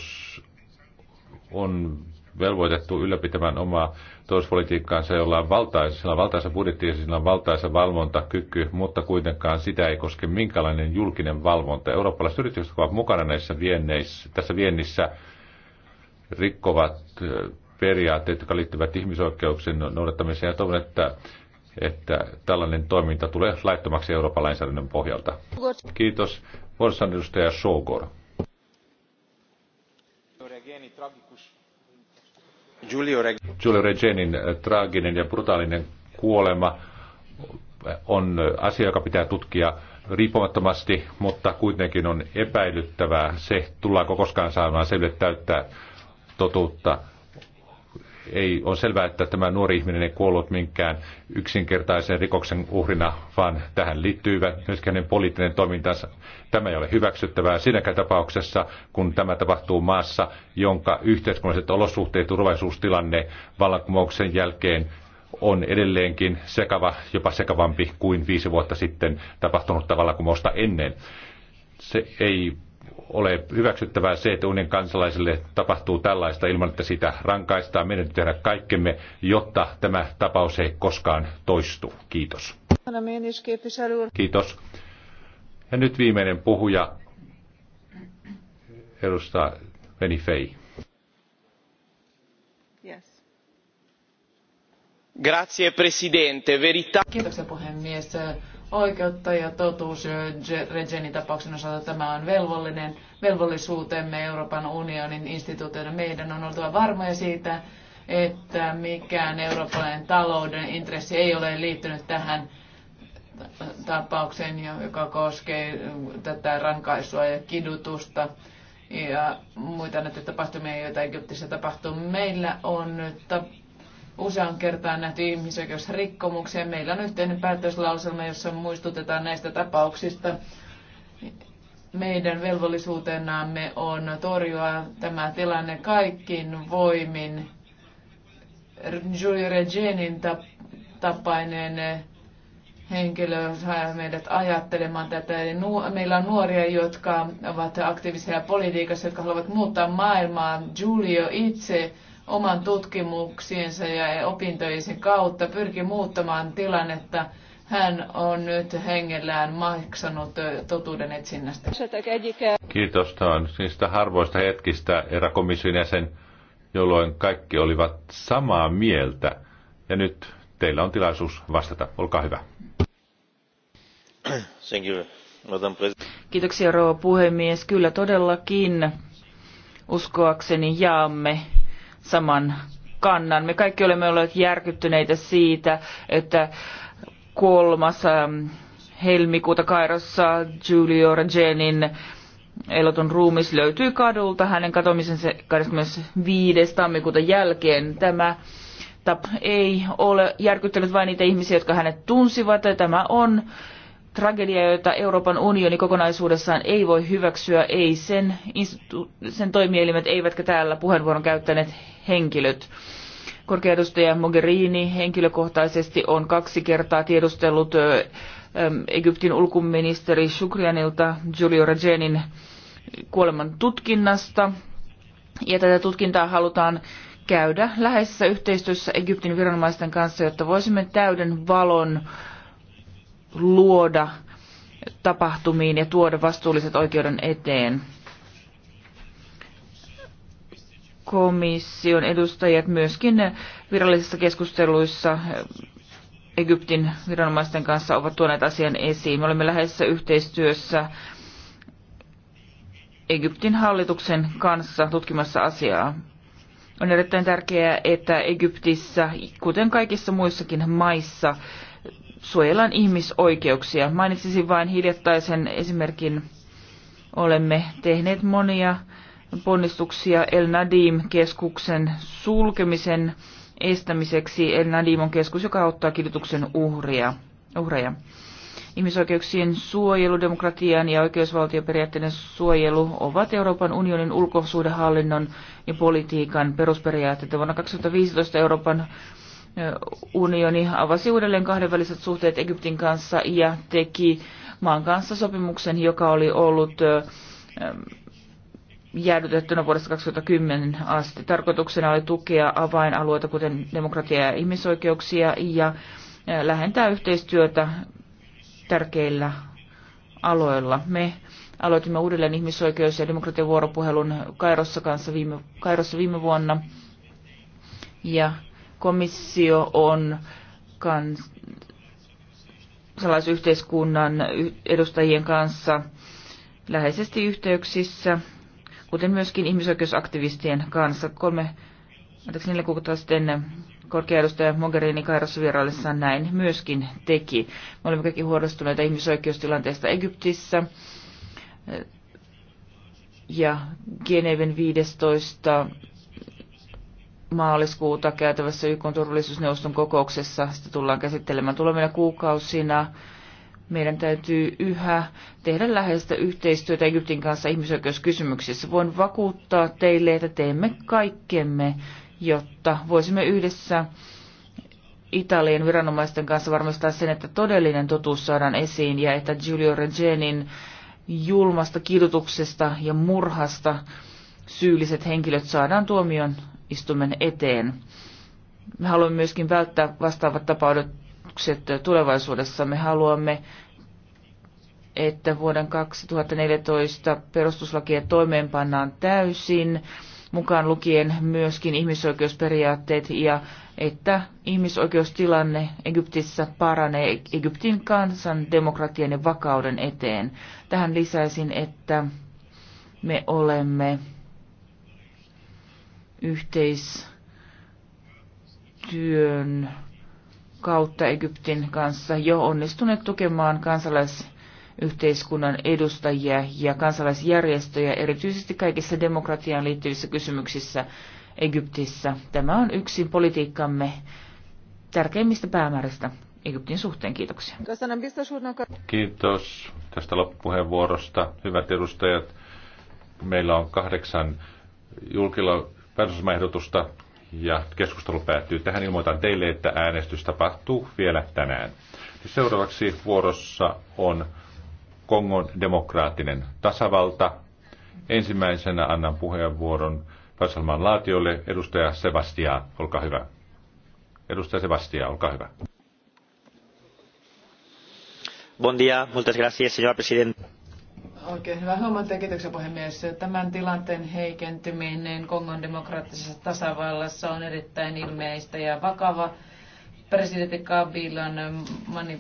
on velvoitettu ylläpitämään omaa talouspolitiikkaansa, jolla on valtaisa, sillä on valtaisa budjetti ja sillä on valtaisa valvontakyky, mutta kuitenkaan sitä ei koske minkälainen julkinen valvonta. Eurooppalaiset yritykset, jotka ovat mukana näissä vienneissä, tässä viennissä, rikkovat periaatteet, jotka liittyvät ihmisoikeuksien no-, noudattamiseen ja toivon, että että tällainen toiminta tulee laittomaksi Euroopan lainsäädännön pohjalta. Kiitos. Vuorossa edustaja Sogor. Giulio Regenin äh, traaginen ja brutaalinen kuolema on äh, asia, joka pitää tutkia riippumattomasti, mutta kuitenkin on epäilyttävää. Se tullaanko koskaan saamaan selville täyttää totuutta ei, on selvää, että tämä nuori ihminen ei kuollut minkään yksinkertaisen rikoksen uhrina, vaan tähän liittyy myös hänen poliittinen toimintansa. Tämä ei ole hyväksyttävää siinäkään tapauksessa, kun tämä tapahtuu maassa, jonka yhteiskunnalliset olosuhteet ja turvallisuustilanne vallankumouksen jälkeen on edelleenkin sekava, jopa sekavampi kuin viisi vuotta sitten tapahtunutta vallankumousta ennen. Se ei ole hyväksyttävää se, että unionin kansalaisille tapahtuu tällaista ilman, että sitä rankaistaan. Meidän täytyy tehdä kaikkemme, jotta tämä tapaus ei koskaan toistu. Kiitos. Kiitos. Ja nyt viimeinen puhuja, edustaa Veni Fei. Yes. Grazie, presidente. Verita... Kiitoksia puhemies oikeutta ja totuus Regenin tapauksen osalta tämä on velvollinen, velvollisuutemme Euroopan unionin instituutioiden. Meidän on oltava varmoja siitä, että mikään eurooppalainen talouden intressi ei ole liittynyt tähän tapaukseen, joka koskee mm, tätä rankaisua ja kidutusta ja muita näitä tapahtumia, joita Egyptissä tapahtuu. Meillä on nyt usean kertaan nähty ihmisoikeusrikkomuksia. Meillä on yhteinen päätöslauselma, jossa muistutetaan näistä tapauksista. Meidän velvollisuutenamme on torjua tämä tilanne kaikkin voimin. Giulio Regenin tapainen henkilö saa meidät ajattelemaan tätä. Eli meillä on nuoria, jotka ovat aktiivisia politiikassa, jotka haluavat muuttaa maailmaa. Julio itse oman tutkimuksiensa ja opintojensa kautta pyrki muuttamaan tilannetta. Hän on nyt hengellään maksanut totuuden etsinnästä. Kiitos. Tämä on niistä harvoista hetkistä eräkomission jäsen, jolloin kaikki olivat samaa mieltä. Ja nyt teillä on tilaisuus vastata. Olkaa hyvä. Thank you. Kiitoksia rouva puhemies. Kyllä todellakin uskoakseni jaamme saman kannan. Me kaikki olemme olleet järkyttyneitä siitä, että kolmas ähm, helmikuuta Kairossa Giulio Rajenin eloton ruumis löytyy kadulta hänen katomisensa 25. tammikuuta jälkeen. Tämä tap ei ole järkyttänyt vain niitä ihmisiä, jotka hänet tunsivat. Tämä on tragedia, jota Euroopan unioni kokonaisuudessaan ei voi hyväksyä, ei sen, sen toimielimet eivätkä täällä puheenvuoron käyttäneet henkilöt. Korkeadustaja Mogherini henkilökohtaisesti on kaksi kertaa tiedustellut Egyptin ulkoministeri Shukrianilta Giulio Regenin kuoleman tutkinnasta. Ja tätä tutkintaa halutaan käydä läheisessä yhteistyössä Egyptin viranomaisten kanssa, jotta voisimme täyden valon luoda tapahtumiin ja tuoda vastuulliset oikeuden eteen. komission edustajat myöskin virallisissa keskusteluissa Egyptin viranomaisten kanssa ovat tuoneet asian esiin. Me olemme läheisessä yhteistyössä Egyptin hallituksen kanssa tutkimassa asiaa. On erittäin tärkeää, että Egyptissä, kuten kaikissa muissakin maissa, suojellaan ihmisoikeuksia. Mainitsisin vain hiljattaisen esimerkin. Olemme tehneet monia ponnistuksia El Nadim-keskuksen sulkemisen estämiseksi. El Nadim on keskus, joka auttaa kidutuksen uhria, uhreja. Ihmisoikeuksien suojelu, demokratian ja oikeusvaltioperiaatteiden suojelu ovat Euroopan unionin ulkosuhdehallinnon ja politiikan perusperiaatteita. Vuonna 2015 Euroopan unioni avasi uudelleen kahdenväliset suhteet Egyptin kanssa ja teki maan kanssa sopimuksen, joka oli ollut jäädytettynä vuodesta 2010 asti. Tarkoituksena oli tukea avainalueita, kuten demokratia ja ihmisoikeuksia, ja lähentää yhteistyötä tärkeillä aloilla. Me aloitimme uudelleen ihmisoikeus- ja demokratiavuoropuhelun Kairossa, kanssa viime, Kairossa viime vuonna, ja komissio on kans, salaisyhteiskunnan edustajien kanssa läheisesti yhteyksissä kuten myöskin ihmisoikeusaktivistien kanssa. Kolme, anteeksi, neljä kuukautta sitten korkeaedustaja Mogherini Kairossa vieraillessaan näin myöskin teki. Me olemme kaikki huolestuneita ihmisoikeustilanteesta Egyptissä ja Geneven 15 maaliskuuta käytävässä YK turvallisuusneuvoston kokouksessa sitä tullaan käsittelemään tulevina kuukausina meidän täytyy yhä tehdä läheistä yhteistyötä Egyptin kanssa ihmisoikeuskysymyksissä. Voin vakuuttaa teille, että teemme kaikkemme, jotta voisimme yhdessä Italian viranomaisten kanssa varmistaa sen, että todellinen totuus saadaan esiin ja että Giulio Regenin julmasta kidutuksesta ja murhasta syylliset henkilöt saadaan tuomion istumen eteen. Me haluamme myöskin välttää vastaavat tapaudet vaikutukset tulevaisuudessa. Me haluamme, että vuoden 2014 perustuslakia toimeenpannaan täysin, mukaan lukien myöskin ihmisoikeusperiaatteet ja että ihmisoikeustilanne Egyptissä paranee Egyptin kansan, demokratian ja vakauden eteen. Tähän lisäisin, että me olemme yhteistyön kautta Egyptin kanssa jo onnistuneet tukemaan kansalaisyhteiskunnan edustajia ja kansalaisjärjestöjä, erityisesti kaikissa demokratiaan liittyvissä kysymyksissä Egyptissä. Tämä on yksi politiikkamme tärkeimmistä päämääristä Egyptin suhteen. Kiitoksia. Kiitos tästä loppupuheenvuorosta. Hyvät edustajat, meillä on kahdeksan julkilla päätösmaehdotusta ja keskustelu päättyy tähän. Ilmoitan teille, että äänestys tapahtuu vielä tänään. Seuraavaksi vuorossa on Kongon demokraattinen tasavalta. Ensimmäisenä annan puheenvuoron Vasalman laatiolle edustaja Sebastia, olkaa hyvä. Edustaja Sebastia, olkaa hyvä. Bon dia, muchas gracias, señor presidente Oikein hyvä huomenta, kiitoksia puhemies. Tämän tilanteen heikentyminen Kongon demokraattisessa tasavallassa on erittäin ilmeistä ja vakava. Presidentti Kabilan mani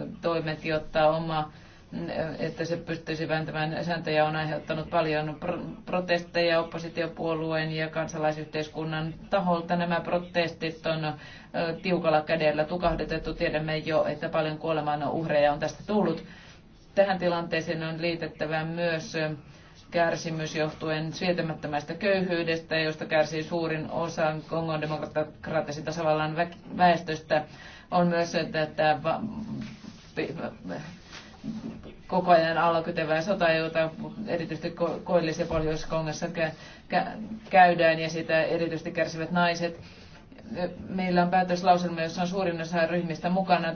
ähm, toimet, jotta oma äh, että se pystyisi vääntämään sääntöjä, on aiheuttanut paljon protesteja oppositiopuolueen ja kansalaisyhteiskunnan taholta. Nämä protestit on äh, tiukalla kädellä tukahdutettu. Tiedämme jo, että paljon kuoleman uhreja on tästä tullut Tähän tilanteeseen on liitettävä myös kärsimys johtuen sietämättömästä köyhyydestä, josta kärsii suurin osa Kongon demokraattisen tasavallan väestöstä. On myös tätä koko ajan alakytevää sotaa, jota erityisesti Koillis- ja Pohjois-Kongossa käydään, ja sitä erityisesti kärsivät naiset. Meillä on päätöslauselma, jossa on suurin osa ryhmistä mukana.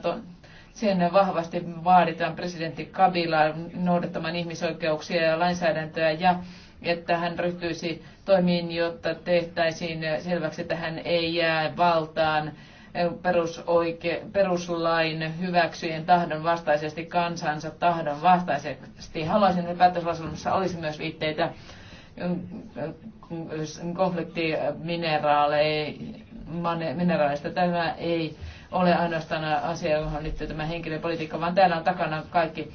Sen vahvasti vaaditaan presidentti Kabila noudattamaan ihmisoikeuksia ja lainsäädäntöä ja että hän ryhtyisi toimiin, jotta tehtäisiin selväksi, että hän ei jää valtaan perusoike, peruslain hyväksyjen tahdon vastaisesti kansansa tahdon vastaisesti. Haluaisin, että päätöslauselmassa olisi myös viitteitä konfliktimineraaleista. Tämä ei ole ainoastaan asia, johon liittyy tämä politiikka, vaan täällä on takana kaikki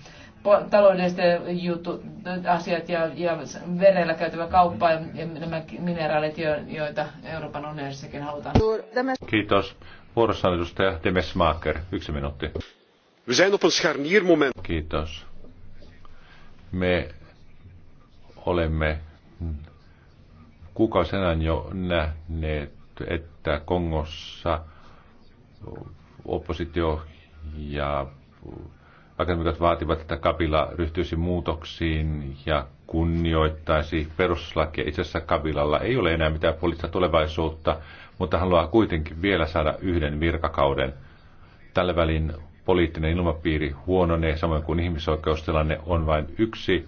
taloudelliset jutu, asiat ja, ja verellä käytävä kauppa ja, ja nämä mineraalit, jo, joita Euroopan unionissakin halutaan. Kiitos. Vuorossa on edustaja Demesmaker. Yksi minuutti. We zijn op een scharniermoment. Kiitos. Me olemme kuukausena jo nähneet, että Kongossa – oppositio ja akademikot vaativat, että Kabila ryhtyisi muutoksiin ja kunnioittaisi perustuslakia. Itse asiassa Kabilalla ei ole enää mitään poliittista tulevaisuutta, mutta haluaa kuitenkin vielä saada yhden virkakauden. Tällä välin poliittinen ilmapiiri huononee, samoin kuin ihmisoikeustilanne on vain yksi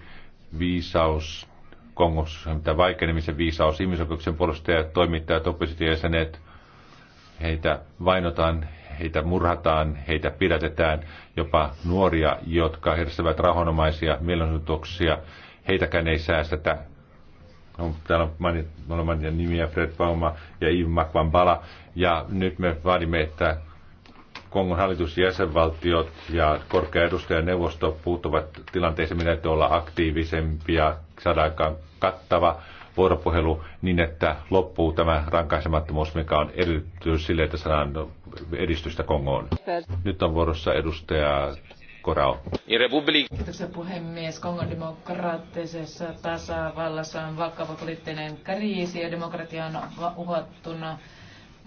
viisaus Kongossa, mitä vaikenemisen viisaus, ihmisoikeuksien puolustajat, toimittajat, oppositiojäsenet heitä vainotaan, heitä murhataan, heitä pidätetään, jopa nuoria, jotka herstävät rahonomaisia mielenosoituksia, heitäkään ei säästetä. On, täällä on mainittu mainit, nimiä Fred Bauma ja Yves Makwambala, ja nyt me vaadimme, että Kongon hallitus, jäsenvaltiot ja korkea edustajaneuvosto puuttuvat tilanteeseen, minä olla aktiivisempia, saadaan kattava vuoropuhelu niin, että loppuu tämä rankaisemattomuus, mikä on edellytys sille, että saadaan edistystä Kongoon. Nyt on vuorossa edustaja Korao. Kiitoksia puhemies. Kongon demokraattisessa tasavallassa on vakava poliittinen kriisi ja demokratia on uhattuna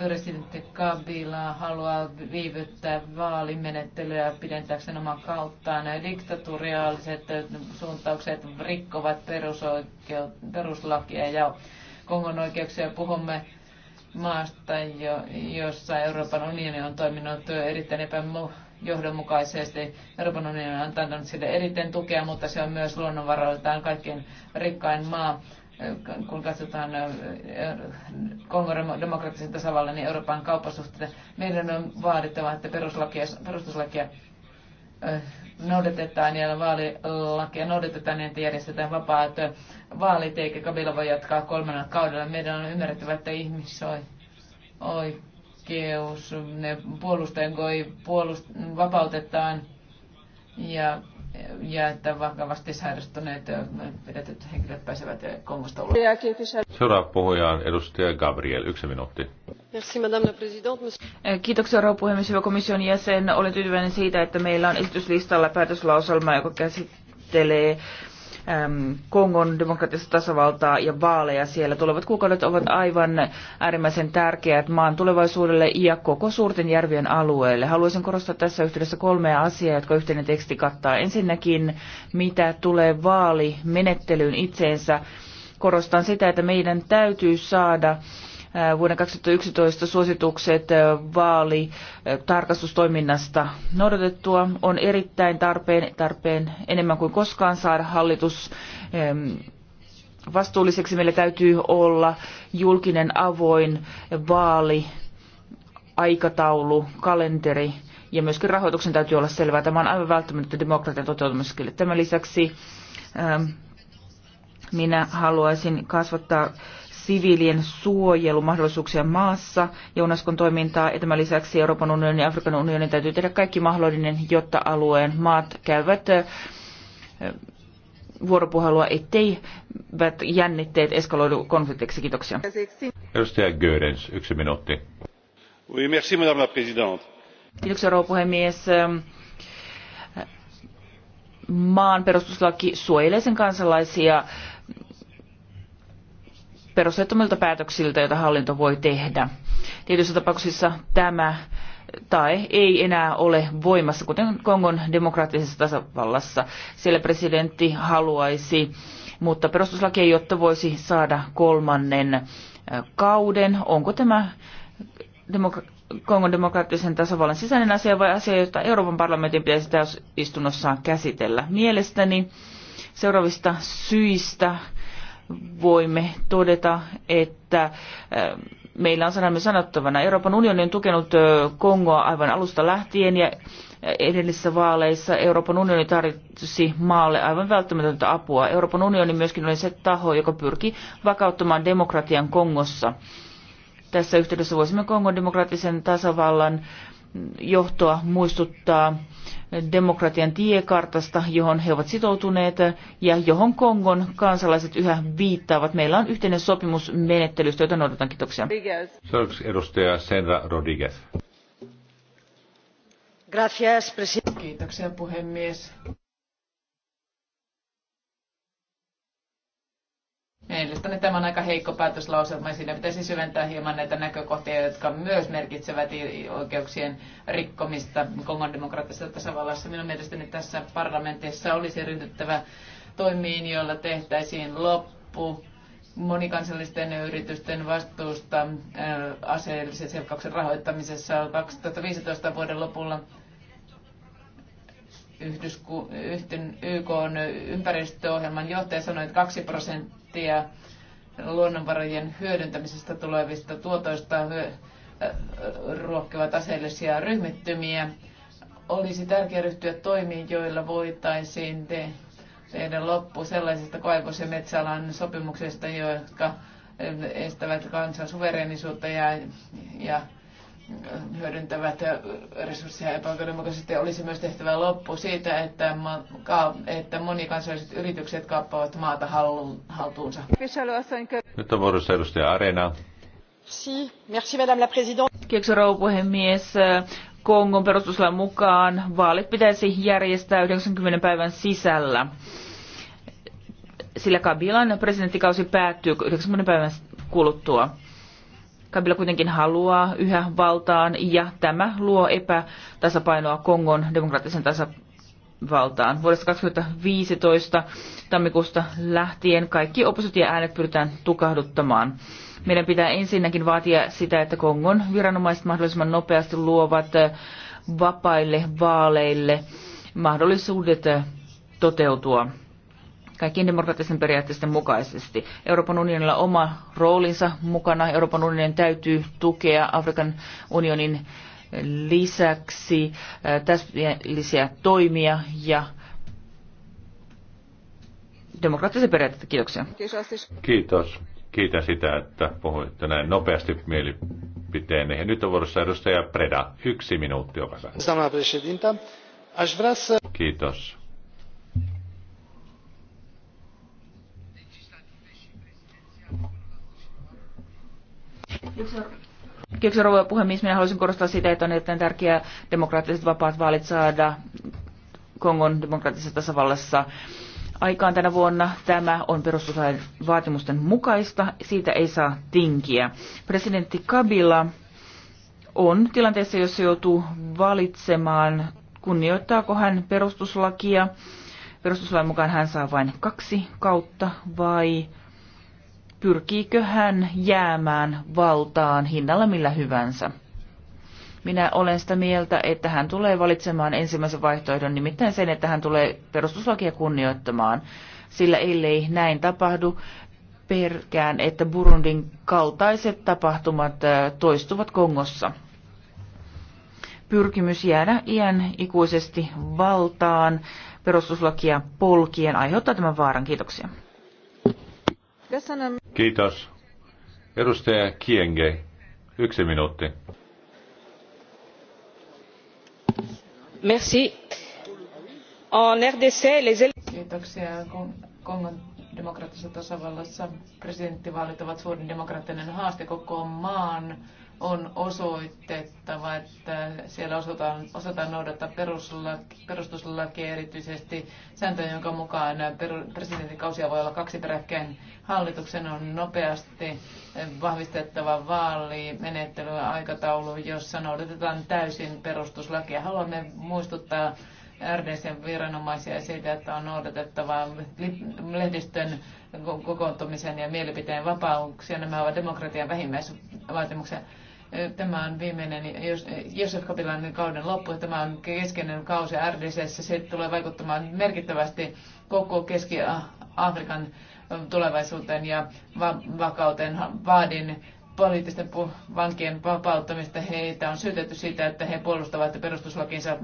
presidentti Kabila haluaa viivyttää vaalimenettelyä pidentääkseen oman kauttaan. Diktatoriaaliset suuntaukset rikkovat peruslakia ja Kongon oikeuksia. Puhumme maasta, jo, jossa Euroopan unioni on toiminut erittäin epäjohdonmukaisesti. Euroopan unioni on antanut sille erittäin tukea, mutta se on myös luonnonvaroiltaan kaikkein rikkain maa kun katsotaan Kongon demokraattisen tasavallan ja Euroopan kauppasuhteita, meidän on vaadittava, että peruslakia, perustuslakia noudatetaan ja vaalilakia noudatetaan niin, että järjestetään vapaat vaalit, eikä Kabila voi jatkaa kolmannella kaudella. Meidän on ymmärrettävä, että ihmisoikeus, ne puolustajan voi puolust- vapautetaan ja ja että vakavasti sairastuneet pidetyt henkilöt pääsevät Kongosta ulos. Seuraava puhuja on edustaja Gabriel. Yksi minuutti. Kiitoksia rouva puhemies, hyvä komission jäsen. Olen tyytyväinen siitä, että meillä on esityslistalla päätöslauselma, joka käsittelee äm, Kongon demokraattista tasavaltaa ja vaaleja siellä. Tulevat kuukaudet ovat aivan äärimmäisen tärkeät maan tulevaisuudelle ja koko suurten järvien alueelle. Haluaisin korostaa tässä yhteydessä kolmea asiaa, jotka yhteinen teksti kattaa. Ensinnäkin, mitä tulee vaalimenettelyyn itseensä. Korostan sitä, että meidän täytyy saada Äh, vuoden 2011 suositukset äh, vaalitarkastustoiminnasta äh, noudatettua. On erittäin tarpeen, tarpeen enemmän kuin koskaan saada hallitus ähm, vastuulliseksi. Meillä täytyy olla julkinen avoin vaali aikataulu, kalenteri ja myöskin rahoituksen täytyy olla selvää. Tämä on aivan välttämätöntä demokratian toteutumiselle. Tämän lisäksi ähm, minä haluaisin kasvattaa siviilien suojelumahdollisuuksia maassa ja UNESCOn toimintaa. Ja tämän lisäksi Euroopan unionin ja Afrikan unionin täytyy tehdä kaikki mahdollinen, jotta alueen maat käyvät vuoropuhelua, ettei jännitteet eskaloidu konfliktiksi. Kiitoksia. Edustaja Gödens, yksi minuutti. Oui, merci, madame la présidente. Kiitoksia, rouva puhemies maan perustuslaki suojelee sen kansalaisia perusteettomilta päätöksiltä, joita hallinto voi tehdä. Tietyissä tapauksissa tämä tai ei enää ole voimassa, kuten Kongon demokraattisessa tasavallassa. Siellä presidentti haluaisi mutta perustuslaki ei jotta voisi saada kolmannen äh, kauden. Onko tämä demokra- Kongon demokraattisen tasavallan sisäinen asia vai asia, jota Euroopan parlamentin pitäisi täysistunnossaan käsitellä? Mielestäni seuraavista syistä voimme todeta, että äh, meillä on sanamme sanottavana. Euroopan unioni on tukenut äh, Kongoa aivan alusta lähtien ja äh, edellisissä vaaleissa Euroopan unioni tarjosi maalle aivan välttämätöntä apua. Euroopan unioni myöskin oli se taho, joka pyrki vakauttamaan demokratian Kongossa. Tässä yhteydessä voisimme Kongon demokraattisen tasavallan mm, johtoa muistuttaa demokratian tiekartasta, johon he ovat sitoutuneet ja johon Kongon kansalaiset yhä viittaavat. Meillä on yhteinen sopimus menettelystä, jota noudatan. Kiitoksia. Seuraavaksi edustaja Senra Rodriguez. Gracias, Kiitoksia puhemies. Mielestäni tämä on aika heikko päätöslauselma ja siinä pitäisi syventää hieman näitä näkökohtia, jotka myös merkitsevät oikeuksien rikkomista Kongon demokraattisessa tasavallassa. Minun mielestäni tässä parlamentissa olisi ryhdyttävä toimiin, joilla tehtäisiin loppu monikansallisten yritysten vastuusta aseellisen selkkauksen rahoittamisessa 2015 vuoden lopulla Yhdysku, yhtyn, YK on ympäristöohjelman johtaja sanoi, että 2 prosenttia prosenttia luonnonvarojen hyödyntämisestä tulevista tuotoista ruokkivat aseellisia ryhmittymiä. Olisi tärkeää ryhtyä toimiin, joilla voitaisiin te- tehdä loppu sellaisista kaivos- ja metsäalan sopimuksista, jotka estävät kansan suverenisuutta ja, ja hyödyntävät resursseja epäoikeudenmukaisesti. Olisi myös tehtävä loppu siitä, että, että monikansalliset yritykset kaappaavat maata haltuunsa. Nyt on vuorossa edustaja Areena. Kiitos rouva puhemies. Kongon perustuslain mukaan vaalit pitäisi järjestää 90 päivän sisällä. Sillä Kabilan presidenttikausi päättyy 90 päivän kuluttua. Kabila kuitenkin haluaa yhä valtaan ja tämä luo epätasapainoa Kongon demokraattisen tasavaltaan. Vuodesta 2015 tammikuusta lähtien kaikki oppositioäänet pyritään tukahduttamaan. Meidän pitää ensinnäkin vaatia sitä, että Kongon viranomaiset mahdollisimman nopeasti luovat äh, vapaille vaaleille mahdollisuudet äh, toteutua kaikkien demokraattisten periaatteiden mukaisesti. Euroopan unionilla oma roolinsa mukana. Euroopan unionin täytyy tukea Afrikan unionin lisäksi täsmällisiä toimia ja demokraattisia periaatteita. Kiitoksia. Kiitos. Kiitän sitä, että puhuitte näin nopeasti mielipiteenne. Ja nyt on vuorossa edustaja Preda. Yksi minuutti, olkaa Kiitos. Kiitoksia rouva puhemies. Minä haluaisin korostaa sitä, että on erittäin tärkeää demokraattiset vapaat vaalit saada Kongon demokraattisessa tasavallassa aikaan tänä vuonna. Tämä on perustuslain vaatimusten mukaista. Siitä ei saa tinkiä. Presidentti Kabila on tilanteessa, jossa joutuu valitsemaan, kunnioittaako hän perustuslakia. Perustuslain mukaan hän saa vain kaksi kautta vai pyrkiikö hän jäämään valtaan hinnalla millä hyvänsä. Minä olen sitä mieltä, että hän tulee valitsemaan ensimmäisen vaihtoehdon, nimittäin sen, että hän tulee perustuslakia kunnioittamaan, sillä ellei näin tapahdu, perkään, että Burundin kaltaiset tapahtumat toistuvat Kongossa. Pyrkimys jäädä iän ikuisesti valtaan perustuslakia polkien aiheuttaa tämän vaaran. Kiitoksia. Kiitos. Edustaja Kienge, yksi minuutti. Merci. En RDC, les... Kiitoksia. Kongon demokraattisessa tasavallassa presidenttivaalit ovat suurin demokraattinen haaste koko maan on osoitettava, että siellä osataan, osataan noudattaa perustuslakia perustuslaki erityisesti sääntöjä, jonka mukaan presidentin kausia voi olla kaksi peräkkäin. Hallituksen on nopeasti vahvistettava aikataulu, jossa noudatetaan täysin perustuslakia. Haluamme muistuttaa RDCn viranomaisia siitä, että on noudatettava lehdistön kokoontumisen ja mielipiteen vapauksia. Nämä ovat demokratian vähimmäisvaatimuksia Tämä on viimeinen Josef Kapilan niin kauden loppu. Tämä on keskeinen kausi RDCssä. Se tulee vaikuttamaan merkittävästi koko Keski-Afrikan tulevaisuuteen ja vakauteen. Vaadin poliittisten vankien vapauttamista. Heitä on syytetty siitä, että he puolustavat perustuslakinsa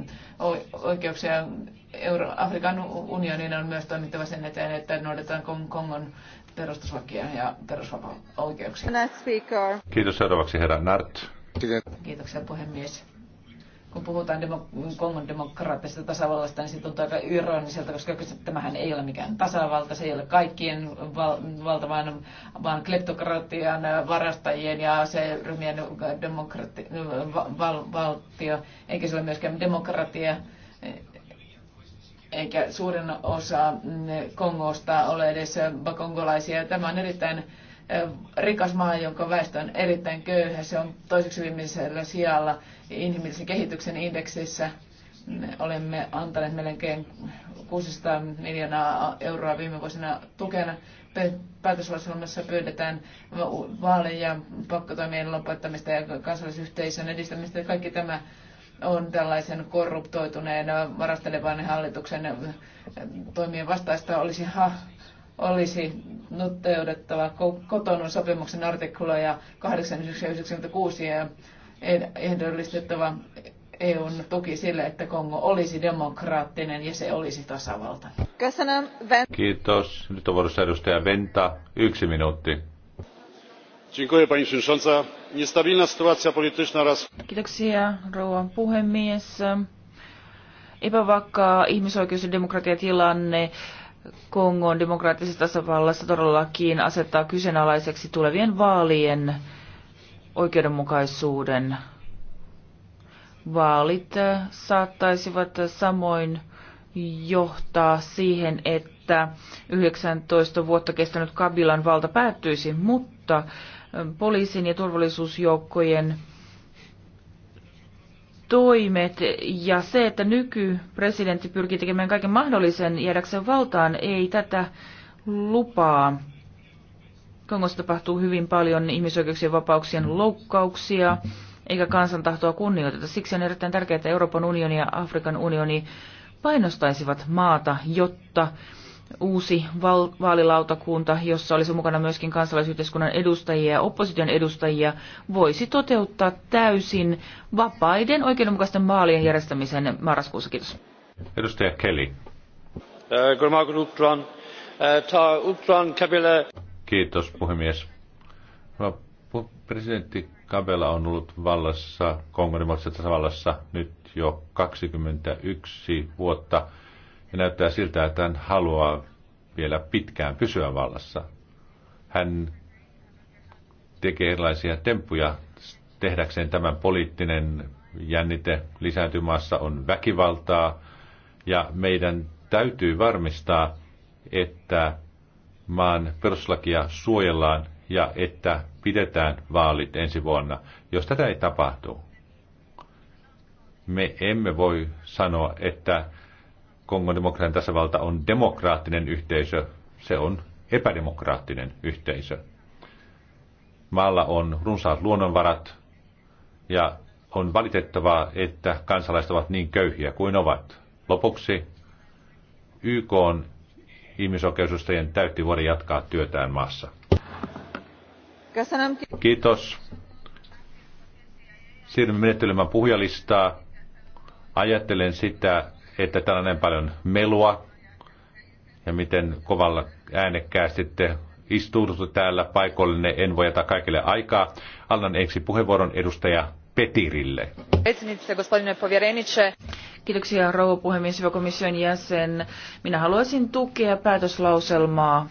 oikeuksia. Euro- Afrikan unionin on myös toimittava sen eteen, että noudatetaan Kongon perustuslakia ja perusvapausoikeuksia. Kiitos seuraavaksi herra Nart. Kiitoksia puhemies. Kun puhutaan demo- Kongon demokraattisesta tasavallasta, niin se tuntuu aika ironiselta, koska tämähän ei ole mikään tasavalta, se ei ole kaikkien val- valta, vaan, vaan kleptokratian, äh, varastajien ja aseryhmien äh, demokrati- äh, val- valtio, eikä se ole myöskään demokratia eikä suurin osa mm, Kongosta ole edes kongolaisia. Tämä on erittäin rikas maa, jonka väestö on erittäin köyhä. Se on toiseksi viimeisellä sijalla inhimillisen kehityksen indeksissä. Me mm, olemme antaneet melkein 600 miljoonaa euroa viime vuosina tukena. Päätöslauselmassa pyydetään vaaleja, pakkotoimien lopettamista ja kansallisyhteisön edistämistä. Kaikki tämä on tällaisen korruptoituneen äh, varastelevan hallituksen äh, toimien vastaista olisi, ha, olisi nutteudettava kotonun sopimuksen artikloja 896 ja ehdollistettava EUn tuki sille, että Kongo olisi demokraattinen ja se olisi tasavalta. Kiitos. Nyt on vuorossa edustaja Venta. Yksi minuutti Dziękuję pani przewodnicząca! niestabilna sytuacja polityczna oraz Kiitoksia, rouva puhemies. Epävakaa ihmisoikeus- ja demokratiatilanne Kongon demokraattisessa tasavallassa todellakin asettaa kyseenalaiseksi tulevien vaalien oikeudenmukaisuuden. Vaalit saattaisivat samoin johtaa siihen, että 19 vuotta kestänyt Kabilan valta päättyisi, mutta poliisin ja turvallisuusjoukkojen toimet ja se, että nykypresidentti pyrkii tekemään kaiken mahdollisen jäädäkseen valtaan, ei tätä lupaa. Kongossa tapahtuu hyvin paljon ihmisoikeuksien vapauksien loukkauksia, eikä kansantahtoa kunnioiteta. Siksi on erittäin tärkeää, että Euroopan unioni ja Afrikan unioni painostaisivat maata, jotta uusi val- vaalilautakunta, jossa olisi mukana myöskin kansalaisyhteiskunnan edustajia ja opposition edustajia, voisi toteuttaa täysin vapaiden oikeudenmukaisten maalien järjestämisen marraskuussa. Kiitos. Edustaja Kelly. Kiitos puhemies. Presidentti Kabela on ollut vallassa Kongon tasavallassa nyt jo 21 vuotta ja näyttää siltä, että hän haluaa vielä pitkään pysyä vallassa. Hän tekee erilaisia temppuja tehdäkseen tämän poliittinen jännite lisääntymässä on väkivaltaa ja meidän täytyy varmistaa, että maan peruslakia suojellaan ja että pidetään vaalit ensi vuonna. Jos tätä ei tapahtu, me emme voi sanoa, että Kongon demokratian tasavalta on demokraattinen yhteisö, se on epädemokraattinen yhteisö. Maalla on runsaat luonnonvarat ja on valitettavaa, että kansalaiset ovat niin köyhiä kuin ovat. Lopuksi YK on ihmisoikeusustajien täytti vuoden jatkaa työtään maassa. Kiitos. Siirrymme menettelemään puhujalistaa. Ajattelen sitä, että tällainen paljon melua ja miten kovalla äänekkäästi sitten istuudutu täällä paikallinen. En voi jätä kaikille aikaa. Annan ensi puheenvuoron edustaja Petirille. Kiitoksia rouva puhemies ja komission jäsen. Minä haluaisin tukea päätöslauselmaa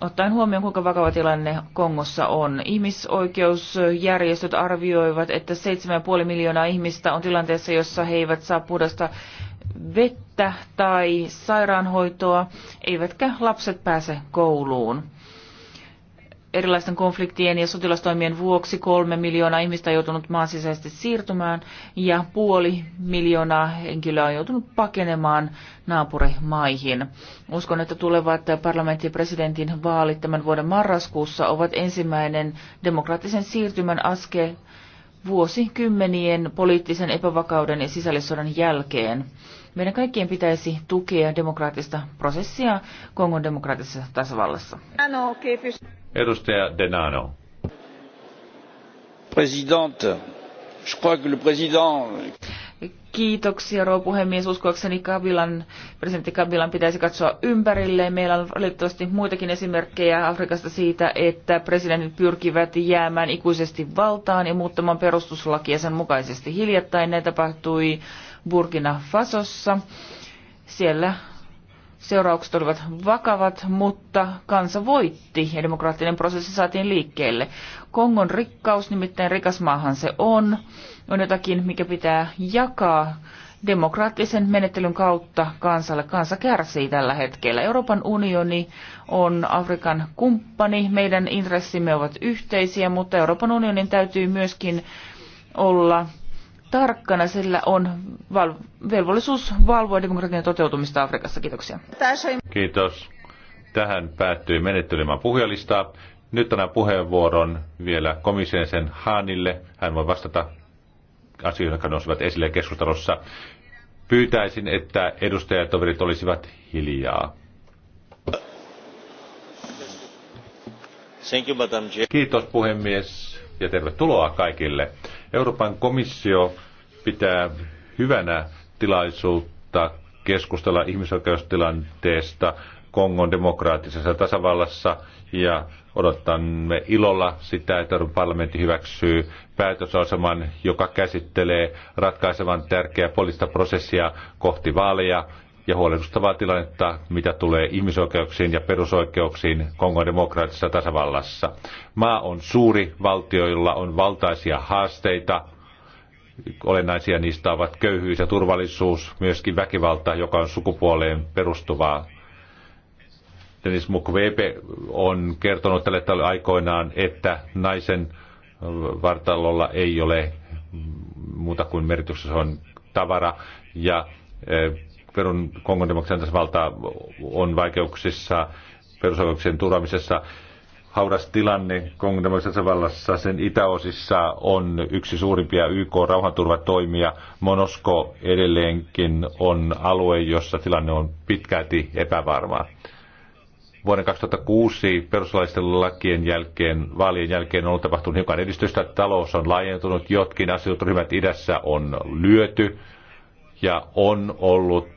Ottaen huomioon, kuinka vakava tilanne Kongossa on, ihmisoikeusjärjestöt arvioivat, että 7,5 miljoonaa ihmistä on tilanteessa, jossa he eivät saa puhdasta vettä tai sairaanhoitoa, eivätkä lapset pääse kouluun erilaisten konfliktien ja sotilastoimien vuoksi kolme miljoonaa ihmistä on joutunut maan sisäisesti siirtymään ja puoli miljoonaa henkilöä on joutunut pakenemaan naapurimaihin. Uskon, että tulevat parlamentti- ja presidentin vaalit tämän vuoden marraskuussa ovat ensimmäinen demokraattisen siirtymän askel vuosikymmenien poliittisen epävakauden ja sisällissodan jälkeen. Meidän kaikkien pitäisi tukea demokraattista prosessia Kongon demokraattisessa tasavallassa arvoisa puhemies. Uskoakseni presidentti kabilan pitäisi katsoa ympärille. Meillä on valitettavasti muitakin esimerkkejä Afrikasta siitä, että presidentit pyrkivät jäämään ikuisesti valtaan ja muuttamaan perustuslakia sen mukaisesti. Hiljattain näitä tapahtui Burkina Fasossa. Siellä seuraukset olivat vakavat, mutta kansa voitti ja demokraattinen prosessi saatiin liikkeelle. Kongon rikkaus, nimittäin rikas maahan se on, on jotakin, mikä pitää jakaa demokraattisen menettelyn kautta kansalle. Kansa kärsii tällä hetkellä. Euroopan unioni on Afrikan kumppani. Meidän intressimme ovat yhteisiä, mutta Euroopan unionin täytyy myöskin olla tarkkana, sillä on val- velvollisuus valvoa demokratian toteutumista Afrikassa. Kiitoksia. Kiitos. Tähän päättyi menettelemään puhujalistaa. Nyt annan puheenvuoron vielä komission sen Haanille. Hän voi vastata asioihin, jotka nousivat esille keskustelussa. Pyytäisin, että edustajatoverit olisivat hiljaa. Kiitos puhemies ja tervetuloa kaikille. Euroopan komissio pitää hyvänä tilaisuutta keskustella ihmisoikeustilanteesta Kongon demokraattisessa tasavallassa ja odotamme ilolla sitä, että Euroopan parlamentti hyväksyy päätösaseman, joka käsittelee ratkaisevan tärkeää poliittista prosessia kohti vaaleja ja huolestuttavaa tilannetta, mitä tulee ihmisoikeuksiin ja perusoikeuksiin Kongon demokraattisessa tasavallassa. Maa on suuri, valtio, jolla on valtaisia haasteita. Olennaisia niistä ovat köyhyys ja turvallisuus, myöskin väkivalta, joka on sukupuoleen perustuvaa. Dennis Mukwebe on kertonut tälle tälle aikoinaan, että naisen vartalolla ei ole muuta kuin merkityksessä on tavara ja eh, Perun Kongon demokratian valtaa on vaikeuksissa perusoikeuksien turvamisessa Hauras tilanne Kongon demokratian vallassa, sen itäosissa on yksi suurimpia YK rauhanturvatoimia. Monosko edelleenkin on alue, jossa tilanne on pitkälti epävarmaa. Vuoden 2006 perustuslaisten lakien jälkeen, vaalien jälkeen on ollut tapahtunut hiukan edistystä. Talous on laajentunut, jotkin ryhmät idässä on lyöty ja on ollut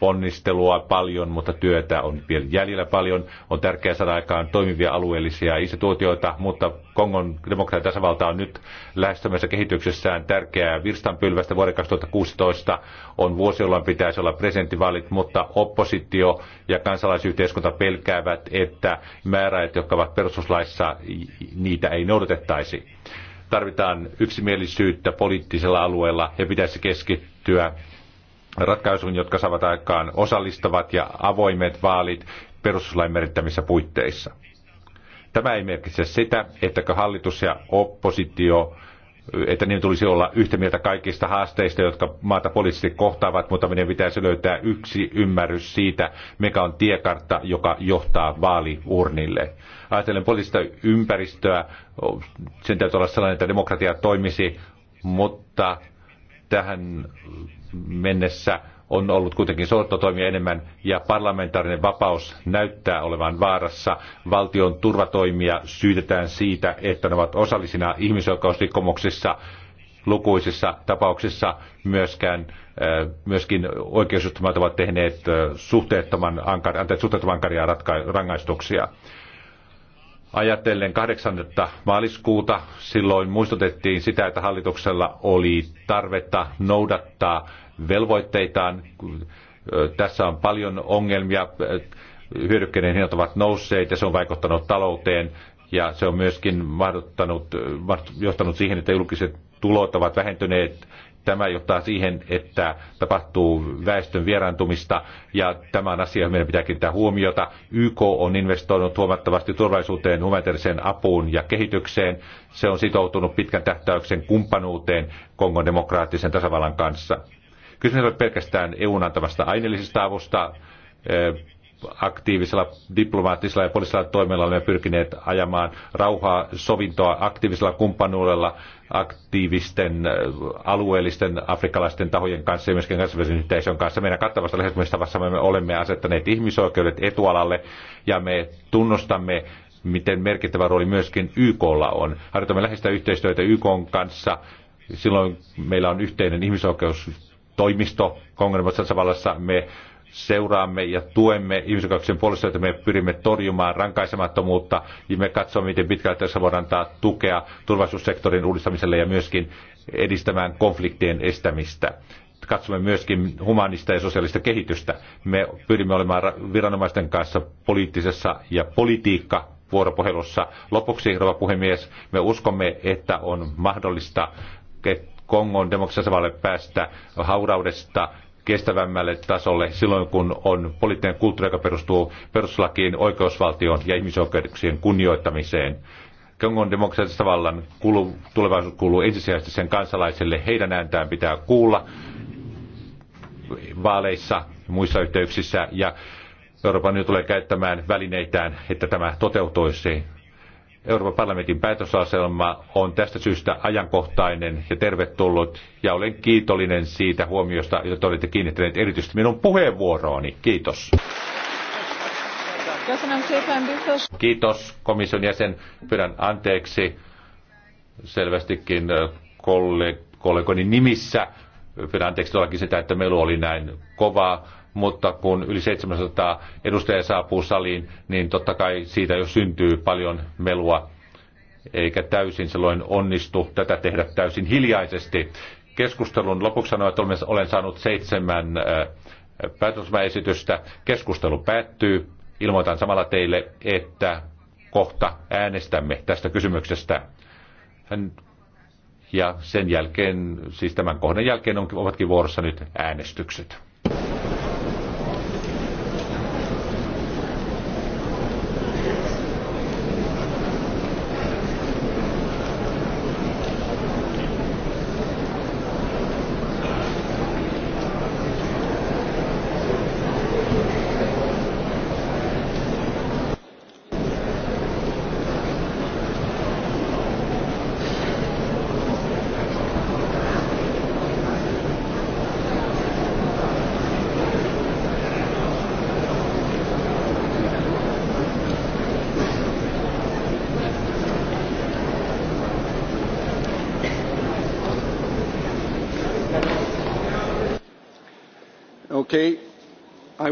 ponnistelua paljon, mutta työtä on vielä jäljellä paljon. On tärkeää saada aikaan toimivia alueellisia instituutioita, mutta Kongon demokratian tasavalta on nyt lähestymässä kehityksessään tärkeää virstanpylvästä. Vuoden 2016 on vuosi, jolloin pitäisi olla presidentinvaalit, mutta oppositio ja kansalaisyhteiskunta pelkäävät, että määräajat, jotka ovat perustuslaissa, niitä ei noudatettaisi. Tarvitaan yksimielisyyttä poliittisella alueella ja pitäisi keskittyä ratkaisun, jotka saavat aikaan osallistavat ja avoimet vaalit perustuslain merittämissä puitteissa. Tämä ei merkitse sitä, että hallitus ja oppositio että niin tulisi olla yhtä mieltä kaikista haasteista, jotka maata poliittisesti kohtaavat, mutta meidän pitäisi löytää yksi ymmärrys siitä, mikä on tiekartta, joka johtaa vaaliurnille. Ajatellen poliittista ympäristöä, sen täytyy olla sellainen, että demokratia toimisi, mutta tähän mennessä on ollut kuitenkin sortotoimia enemmän ja parlamentaarinen vapaus näyttää olevan vaarassa. Valtion turvatoimia syytetään siitä, että ne ovat osallisina ihmisoikeusrikkomuksissa lukuisissa tapauksissa myöskään, myöskin oikeusjuttumat ovat tehneet suhteettoman, ankar, anteeksi, suhteettoman ankaria ratka, rangaistuksia. Ajatellen 8. maaliskuuta silloin muistutettiin sitä, että hallituksella oli tarvetta noudattaa velvoitteitaan. Tässä on paljon ongelmia, hyödykkeiden hinnat ovat nousseet ja se on vaikuttanut talouteen ja se on myöskin johtanut siihen, että julkiset tulot ovat vähentyneet. Tämä johtaa siihen, että tapahtuu väestön vieraantumista ja tämä on asia, johon meidän pitää kiinnittää huomiota. YK on investoinut huomattavasti turvallisuuteen, humanitaariseen apuun ja kehitykseen. Se on sitoutunut pitkän tähtäyksen kumppanuuteen Kongon demokraattisen tasavallan kanssa ei ole pelkästään EUn antamasta aineellisesta avusta. Eh, aktiivisella diplomaattisella ja poliisilla toimilla olemme pyrkineet ajamaan rauhaa, sovintoa aktiivisella kumppanuudella aktiivisten eh, alueellisten afrikkalaisten tahojen kanssa ja myöskin kansainvälisen yhteisön kanssa. Meidän kattavasta lähestymistavassa me olemme asettaneet ihmisoikeudet etualalle ja me tunnustamme miten merkittävä rooli myöskin YKlla on. Harjoitamme läheistä yhteistyötä YKn kanssa. Silloin meillä on yhteinen ihmisoikeus toimisto Kongon tasavallassa. Me seuraamme ja tuemme ihmisoikeuksien että me pyrimme torjumaan rankaisemattomuutta ja me katsomme, miten pitkälle tässä voidaan antaa tukea turvallisuussektorin uudistamiselle ja myöskin edistämään konfliktien estämistä. Katsomme myöskin humanista ja sosiaalista kehitystä. Me pyrimme olemaan viranomaisten kanssa poliittisessa ja politiikka vuoropuhelussa. Lopuksi, rouva puhemies, me uskomme, että on mahdollista Kongon demokratiasavalle päästä hauraudesta kestävämmälle tasolle silloin, kun on poliittinen kulttuuri, joka perustuu perustuslakiin, oikeusvaltioon ja ihmisoikeuksien kunnioittamiseen. Kongon demokraattisen vallan kuulu, tulevaisuus kuuluu ensisijaisesti sen kansalaisille. Heidän ääntään pitää kuulla vaaleissa muissa yhteyksissä ja Euroopan nyt tulee käyttämään välineitään, että tämä toteutuisi. Euroopan parlamentin päätösaselma on tästä syystä ajankohtainen ja tervetullut, ja olen kiitollinen siitä huomiosta, jota olette kiinnittäneet erityisesti minun puheenvuorooni. Kiitos. Kiitos komission jäsen. Pyydän anteeksi selvästikin äh, kollegoni nimissä. Pyydän anteeksi todellakin sitä, että melu oli näin kovaa mutta kun yli 700 edustajaa saapuu saliin, niin totta kai siitä jo syntyy paljon melua, eikä täysin silloin onnistu tätä tehdä täysin hiljaisesti. Keskustelun lopuksi sanoin, että olen saanut seitsemän äh, päätösmäesitystä. Keskustelu päättyy. Ilmoitan samalla teille, että kohta äänestämme tästä kysymyksestä. Hän ja sen jälkeen, siis tämän kohdan jälkeen onkin, ovatkin vuorossa nyt äänestykset.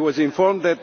was informed that